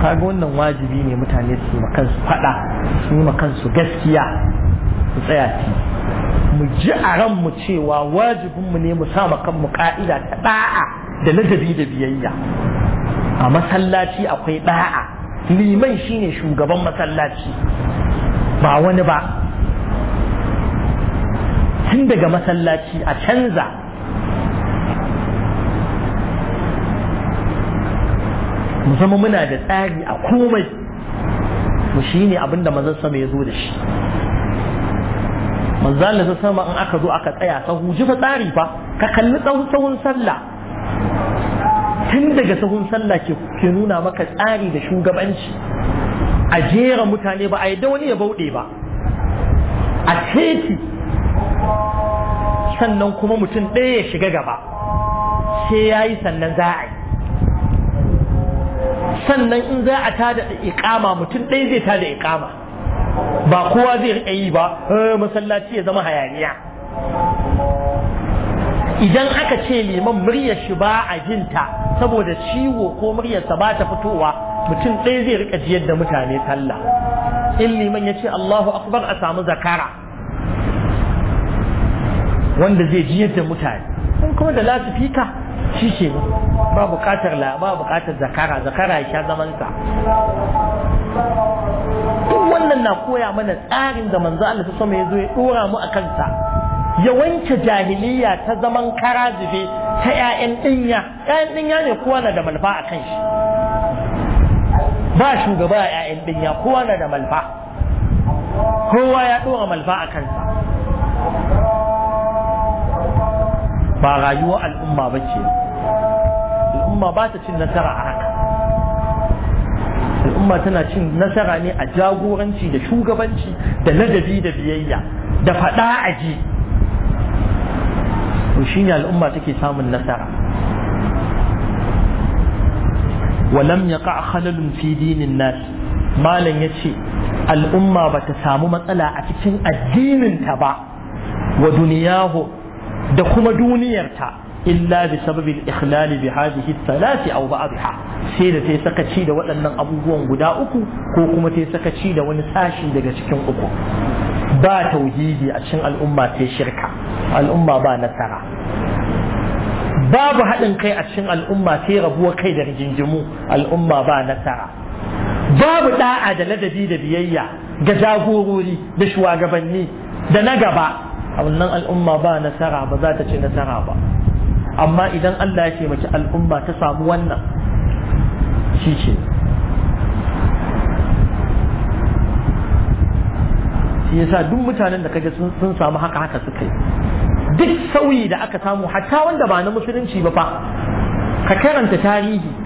kaga wannan wajibi ne mutane su yi ma kansu faɗa su yi ma kansu gaskiya su tsaya mu ji a ran mu cewa wajibinmu ne mu sa ma kanmu ka'ida ta ɗa'a da ladabi da biyayya a masallaci akwai ɗa'a liman shine shugaban masallaci ba wani ba tun daga masallaci a canza mu zama muna da tsari a komai to shi ne abinda mazan sama ya zo da shi manzon da sama in aka zo aka tsaya sahu jifa tsari fa ka kalli tsawon sallah tun daga sahun sallah ke nuna maka tsari da shugabanci a jera mutane ba a yi wani ya bauɗe ba a teki sannan kuma mutum ɗaya ya shiga gaba sai ya yi sannan za a yi sannan in za a tada ikama mutum ɗaya zai tada ikama ba kowa zai riƙa yi ba eh, masallaci ya zama hayaniya idan aka ce liman muryar shi ba a jinta saboda ciwo ko muryarsa ba ta fitowa mutum ɗaya zai riƙa jiyar da mutane sallah in liman ya ce Allahu akbar a samu zakara wanda zai jiyar da mutane in kuma da lasifika shi ke ba bukatar ba bukatar zakara zakara ya sha zamansa duk wannan na koya mana tsarin da manzo Allah sama ya zo ya dora mu a kansa ya wanke jahiliya ta zaman kara zube ta ƴaƴan dinya ƴaƴan dinya ne kowa na da malfa a kan shi ba shugaba a ƴaƴan dinya kowa na da malfa kowa ya dora malfa a kansa ba rayuwar al'umma ba ce al'umma ba ta cin nasara a haka al'umma tana cin nasara ne a jagoranci da shugabanci da ladabi da biyayya da faɗa a ji shi al'umma take samun nasara walam a khalalun fi dinin nas malam yace al'umma bata samu matsala a cikin addinin ta ba wa duniyahu da kuma duniyarta illa bi sababil ikhlali bi hadhihi thalathi aw ba'dha sai da sai sakaci da waɗannan abubuwan guda uku ko kuma sai sakaci da wani sashi daga cikin uku ba tauhidi a cikin al'umma sai shirka al'umma ba nasara babu haɗin kai a cikin al'umma sai rabuwa kai da rigingimu al'umma ba nasara babu da'a da ladabi da biyayya ga jagorori da shugabanni da na gaba a wannan al'umma ba nasara ba za ta ci nasara ba amma idan Allah ya ce mace al'umma ta samu wannan shi ce shi yasa duk mutanen da kaga sun samu haka haka suka yi duk sauyi da aka samu hatta wanda ba na musulunci ba fa ka karanta tarihi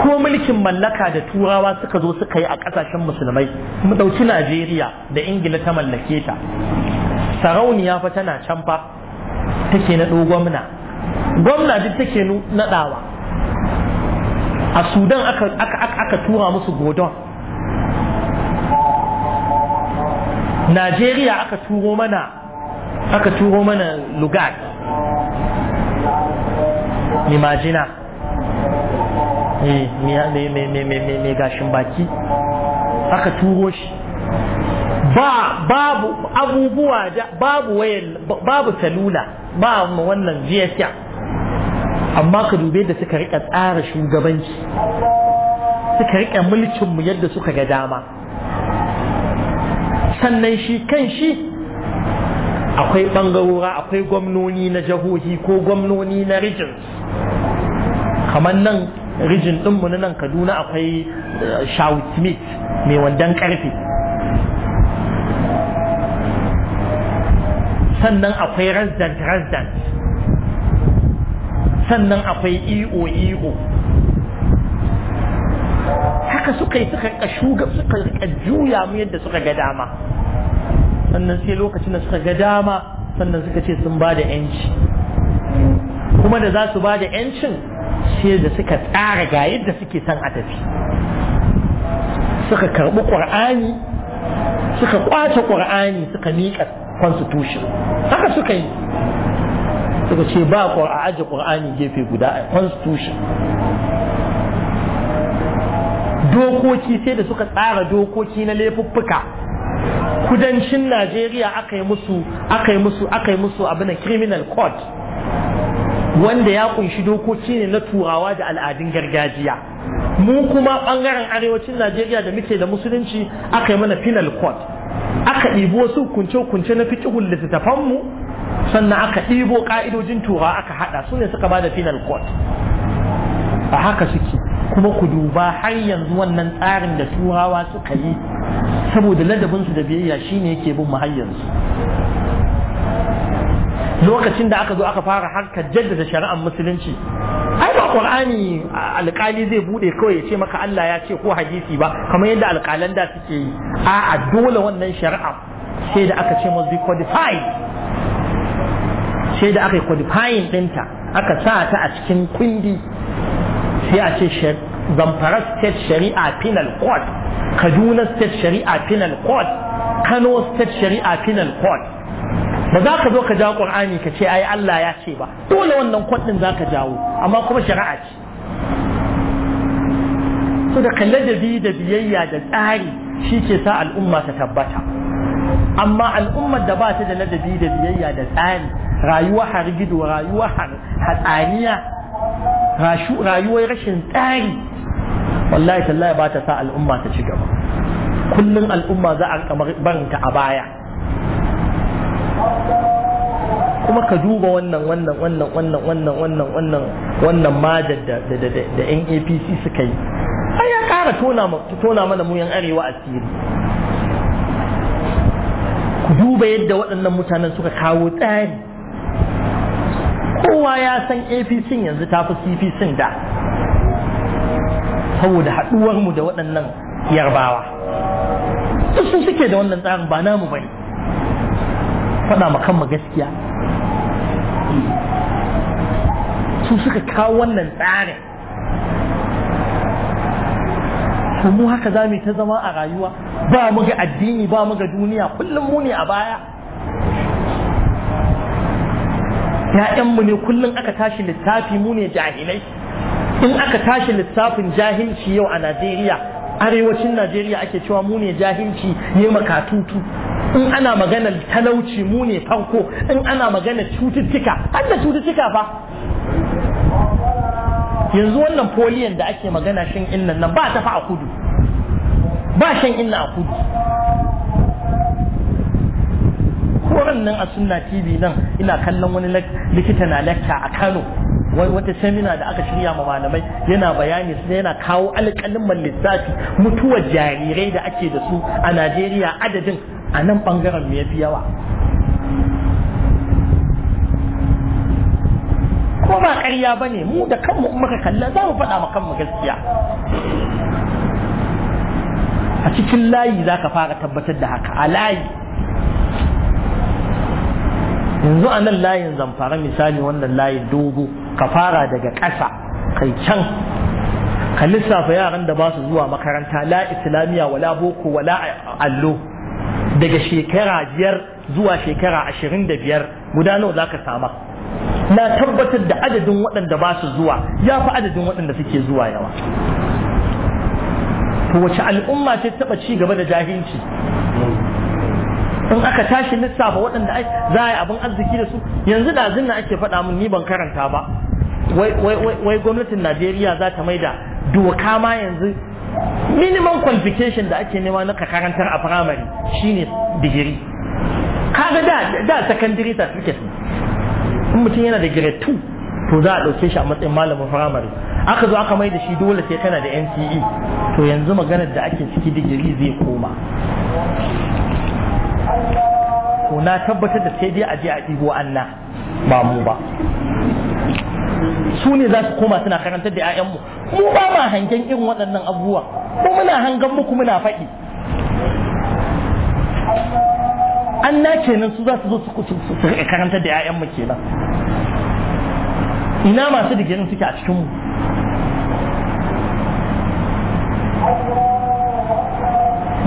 ko mulkin mallaka da turawa suka zo suka yi a ƙasashen musulmai mu ɗauki najeriya da ingila ta mallake ta sarauniya fa tana can fa take na gwamna gwamna duk take naɗawa a sudan aka tura musu godon najeriya aka turo mana aka turo mana lugat imajina mai gashin baki aka turo shi ba babu abubuwa babu wayan babu salula ba wannan gsm amma ka dube da suka rika tsara shugabanci suka rika mulkinmu yadda suka ga dama sannan shi kan shi akwai bangarora, akwai gwamnoni na jahohi ko gwamnoni na regions kamar nan rijin ɗinmu na nan kaduna akwai eh, shawit smith mai wandan ƙarfe sannan akwai resident resident sannan akwai iyo e iyo e haka suka yi suka rika shuga suka juya mu yadda suka ga dama sannan sai lokacin da suka ga dama sannan suka ce sun ba da 'yanci kuma da za su ba da yancin sai da suka tsara ga yadda suke son a tafi suka karɓi ƙur'ani suka kwace ƙur'ani suka miƙa constitution haka suka yi suka ce ba a aji ƙur'ani gefe guda a constitution dokoki sai da suka tsara dokoki na laifuffuka kudancin najeriya aka yi musu aka yi musu aka yi musu abin criminal court wanda ya kunshi dokoki ne na turawa da al'adun gargajiya mu kuma bangaren arewacin najeriya da muke da musulunci aka yi mana final court aka ɗibo wasu kunce-kunce na littattafan littattafanmu sannan aka ɗibo ka'idojin turawa aka haɗa su ne suka ba da final court a haka suke kuma ku duba har yanzu wannan tsarin da turawa suka yi saboda ladabinsu da biyayya shine yake bin mu har yanzu lokacin da aka zo aka fara harkar jaddada shari'ar musulunci ai ba qur'ani alƙali zai bude kawai ya ce maka Allah ya ce ko hadisi ba kamar yadda alƙalan da suke yi a'a dole wannan shari'a sai da aka ce must be codified sai da aka yi codifying ɗinta aka sa ta a cikin kundi sai a ce zamfara state shari'a penal court kaduna state shari'a penal court kano state shari'a penal court ba za ka zo ka jawo ƙur'ani ka ce ai Allah ya ce ba dole wannan kwaɗin za ka jawo amma kuma shari'a ce su da kalle da bi da biyayya da tsari shi ke sa al'umma ta tabbata amma al'ummar da ba ta da ladabi da biyayya da tsari rayuwa gido, rayuwa hatsaniya rayuwar rashin tsari wallahi tallahi ba ta sa al'umma ta ci gaba kullum al'umma za a barinta a baya kuma ka duba wannan wannan wannan wannan wannan wannan wannan wannan majar da da da suka yi ai ya kara tona mana mu yan arewa asiri ku duba yadda waɗannan mutanen suka kawo tsari kowa ya san apc yanzu ta fi cpc da saboda haɗuwar mu da waɗannan yarbawa su suke da wannan tsarin ba namu bane faɗa ma kanmu gaskiya su suka kawo wannan tsarin mu haka za mu ta zama a rayuwa ba mu ga addini ba mu ga duniya kullum mu ne a baya ‘ya'yanmu ne kullum aka tashi littafi mu ne jahilai in aka tashi littafin jahilci yau a najeriya arewacin najeriya ake cewa mu ne jahilci ne makatutu in ana magana talauci mu ne farko in ana magana cututtuka har da cututtuka fa yanzu wannan foliyan da ake magana shan innan nan ba ta fa a kudu ba shan inna a kudu koran nan a sunna tv nan ina kallon wani likita na lakta a kano wata semina da aka shirya ma malamai yana bayani su yana kawo alƙalin lissafi mutuwar jarirai da ake da su a najeriya adadin a nan ɓangaren me fi yawa ko ba ƙarya ba ne mu da kanmu in muka kalla za mu faɗa ma kanmu gaskiya a cikin layi za ka fara tabbatar da haka a layi yanzu a nan layin zamfara misali wannan layin dogo ka fara daga ƙasa kai can ka lissafa yaran da ba su zuwa makaranta la islamiyya wala boko wala allo daga shekara biyar zuwa shekara ashirin da biyar guda nawa za ka sama na tabbatar da adadin waɗanda ba su zuwa ya fi adadin waɗanda suke zuwa yawa to wace al'umma ce taɓa ci gaba da jahilci in aka tashi lissafa waɗanda za a yi abin arziki da su yanzu da zinna ake faɗa mun ni ban karanta ba wai gwamnatin najeriya za ta da doka ma yanzu minimum qualification da ake nema na karantar a firamare shine digiri kaga da da secondary certificate in mutum yana da grade 2 to za a ɗauke shi a matsayin malamin firamare aka zo aka mai da shi dole sai kana da NCE to yanzu maganar da ake ciki digiri zai koma to na tabbatar da sai dai a je a ɗigo Allah ba mu ba su ne za su koma suna karantar da 'ya'yanmu mu ba ma hangen irin waɗannan abubuwa ko muna hangen muku muna faɗi an na kenan su za su zo su karantar da 'ya'yanmu kenan ina masu digirin suke a cikinmu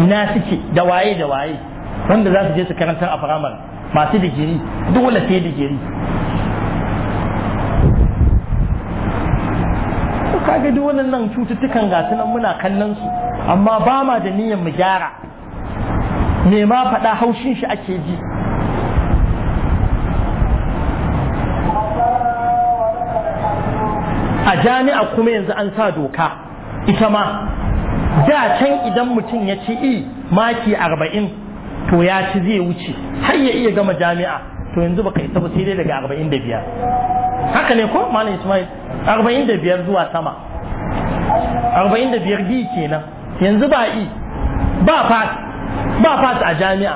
ina suke da waye da waye wanda za su je su karantar a firamare masu digiri dole sai digiri kaga duk wannan cututtukan ga nan muna kallon su amma ba ma da niyyar mu gyara me ma faɗa haushin shi ake ji a jami'a kuma yanzu an sa doka ita ma da can idan mutum ya ci i maki arba'in to ya ci zai wuce har ya iya gama jami'a to yanzu baka isa ba sai dai daga arba'in da biyar haka ne ko malam ismail arba'in da biyar zuwa sama arba'in da biyar bi kenan yanzu ba i e, ba fat, ba fat a jami'a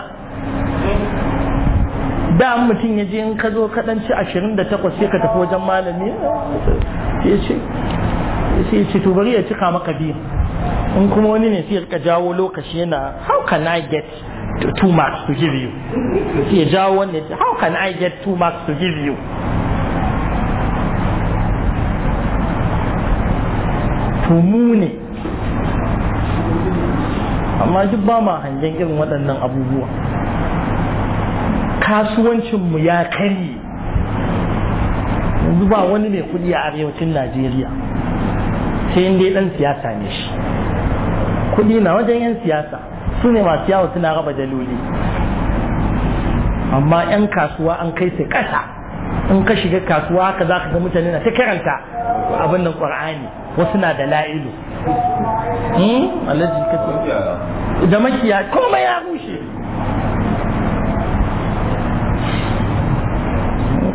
da mutum ya je in ka zo kaɗanci ashirin da takwas sai ka tafi wajen malami ya ce ce to bari ya cika maka biyu in kuma wani ne sai ya jawo lokaci yana how can I get two marks to give you sai ya jawo wani how can I get two marks to give you to ne amma duk ba ma hangen irin waɗannan abubuwa kasuwancinmu ya karye yanzu ba wani mai kuɗi a arewacin najeriya sai inda ya ɗan siyasa ne shi kuɗi na wajen 'yan siyasa su ne masu yawo suna raba daloli amma 'yan kasuwa an kai su ƙasa in ka shiga kasuwa haka za ka ga mutane na ta karanta abin nan qur'ani wasu na da la'ilu hmm da makiya komai ya rushe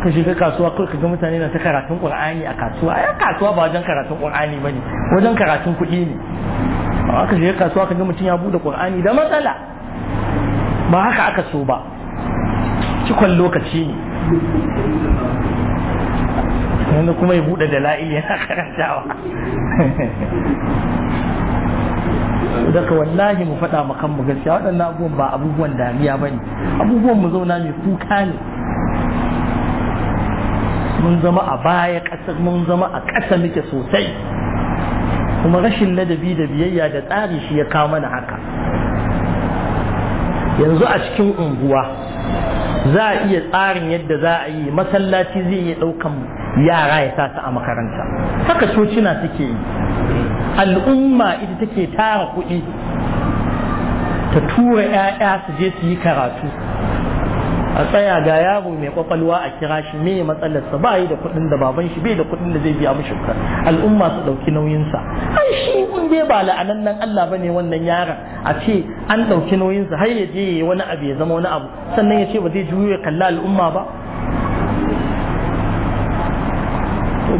ka shiga kasuwa kawai ka ga mutane na ta karatun qur'ani a kasuwa ai kasuwa ba wajen karatun qur'ani bane wajen karatun kuɗi ne ka shiga kasuwa ka ga mutum ya bude qur'ani da matsala ba haka aka so ba cikon lokaci ne wani kuma ya buɗe da la'il yana karantawa daga wallahi mu faɗa makan mu gaskiya waɗannan abubuwan ba abubuwan dariya ba ne abubuwan mu zauna mai kuka ne mun zama a baya ƙasar mun zama a ƙasa muke sosai kuma rashin ladabi da biyayya da tsari shi ya kawo mana haka yanzu a cikin unguwa za a iya tsarin yadda za a yi masallaci zai iya ɗaukan yara ya sa a makaranta haka cocina suke yi al'umma ita take tara kuɗi ta tura 'ya'ya su je su yi karatu a tsaya ga yaro mai kwakwalwa a kira shi mai matsalarsa ba yi da kuɗin da baban shi bai da kuɗin da zai biya mishi kuɗin al'umma su ɗauki nauyinsa ai shi in dai ba la'anan nan Allah bane wannan yaron a ce an ɗauki nauyinsa har ya je wani abu ya zama wani abu sannan ya ce ba zai juyo ya kalla al'umma ba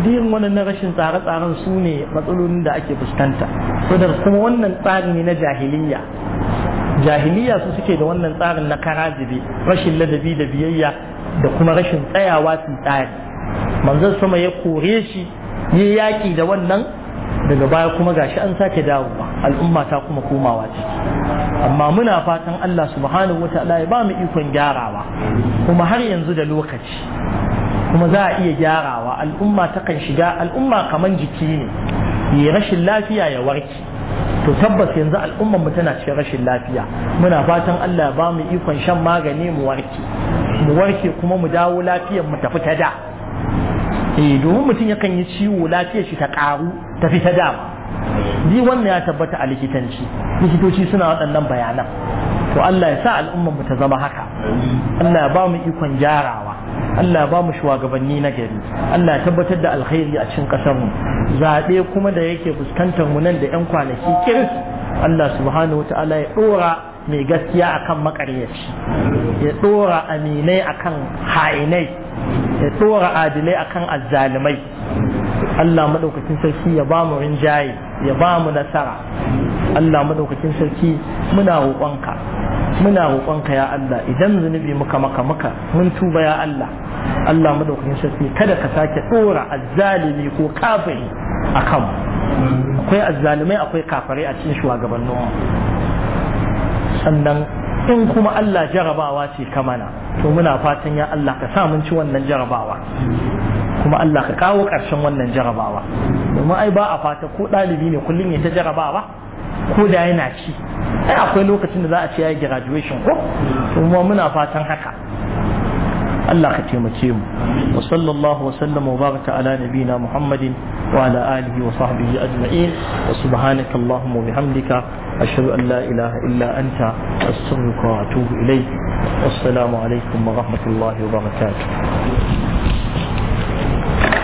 biyan wannan rashin tsare-tsaren su ne matsalolin da ake fuskanta da kuma wannan tsari ne na jahiliya jahiliya su suke da wannan tsarin na karazibi rashin ladabi da biyayya da kuma rashin tsayawa su tsari manzon sama ya kore shi ya yaƙi da wannan daga baya kuma gashi an sake dawowa al'umma ta kuma komawa ciki amma muna fatan Allah subhanahu wa ta'ala ya ba mu ikon gyarawa kuma har yanzu da lokaci kuma za a iya gyarawa al'umma takan shiga al'umma kamar jiki ne E, rashin lafiya ya warke to tabbas yanzu al'ummar mu tana cikin rashin lafiya muna fatan Allah ba mu ikon shan magani mu warke mu warke kuma mu dawo lafiyar mu tafi ta da eh domin mutum yakan yi ciwo lafiyar shi ta karu tafi ta da ni wannan ya tabbata a likitanci likitoci suna waɗannan bayanan to Allah ya sa al'ummar mu ta zama haka Allah ya ba mu ikon jarawa Allah ba mu shugabanni na gari Allah tabbatar da alkhairi a cikin kasar mu zabe kuma da yake fuskantar mu nan da yan kwanaki kiris Allah subhanahu wataala ya dora mai gaskiya akan makaryaci ya dora aminai akan ha'inai ya dora adilai akan azzalumai Allah madaukakin sarki ya ba mu rinjaye ya ba mu nasara Allah madaukakin sarki muna roƙonka muna roƙonka ya Allah idan zunubi muka maka muka mun tuba ya Allah Allah madaukakin sarki kada ka sake dora azzalimi ko kafiri akan akwai azzalimai akwai kafirai a cikin shugabannin mu. sannan in kuma Allah jarabawa ce ka mana to muna fatan ya Allah ka sa mun ci wannan jarabawa kuma Allah ka kawo ƙarshen wannan jarabawa domin ai ba a fata ko ɗalibi ne kullum ya ta jarabawa ko da yana ci ai akwai lokacin da za a ce ya yi graduation ko kuma muna fatan haka Allah ka taimake mu wa sallallahu wa sallama wa baraka ala nabina Muhammadin wa ala alihi wa sahbihi ajma'in wa subhanaka Allahumma wa bihamdika ashhadu an la ilaha illa anta astaghfiruka wa atubu ilayk assalamu alaikum wa rahmatullahi wa barakatuh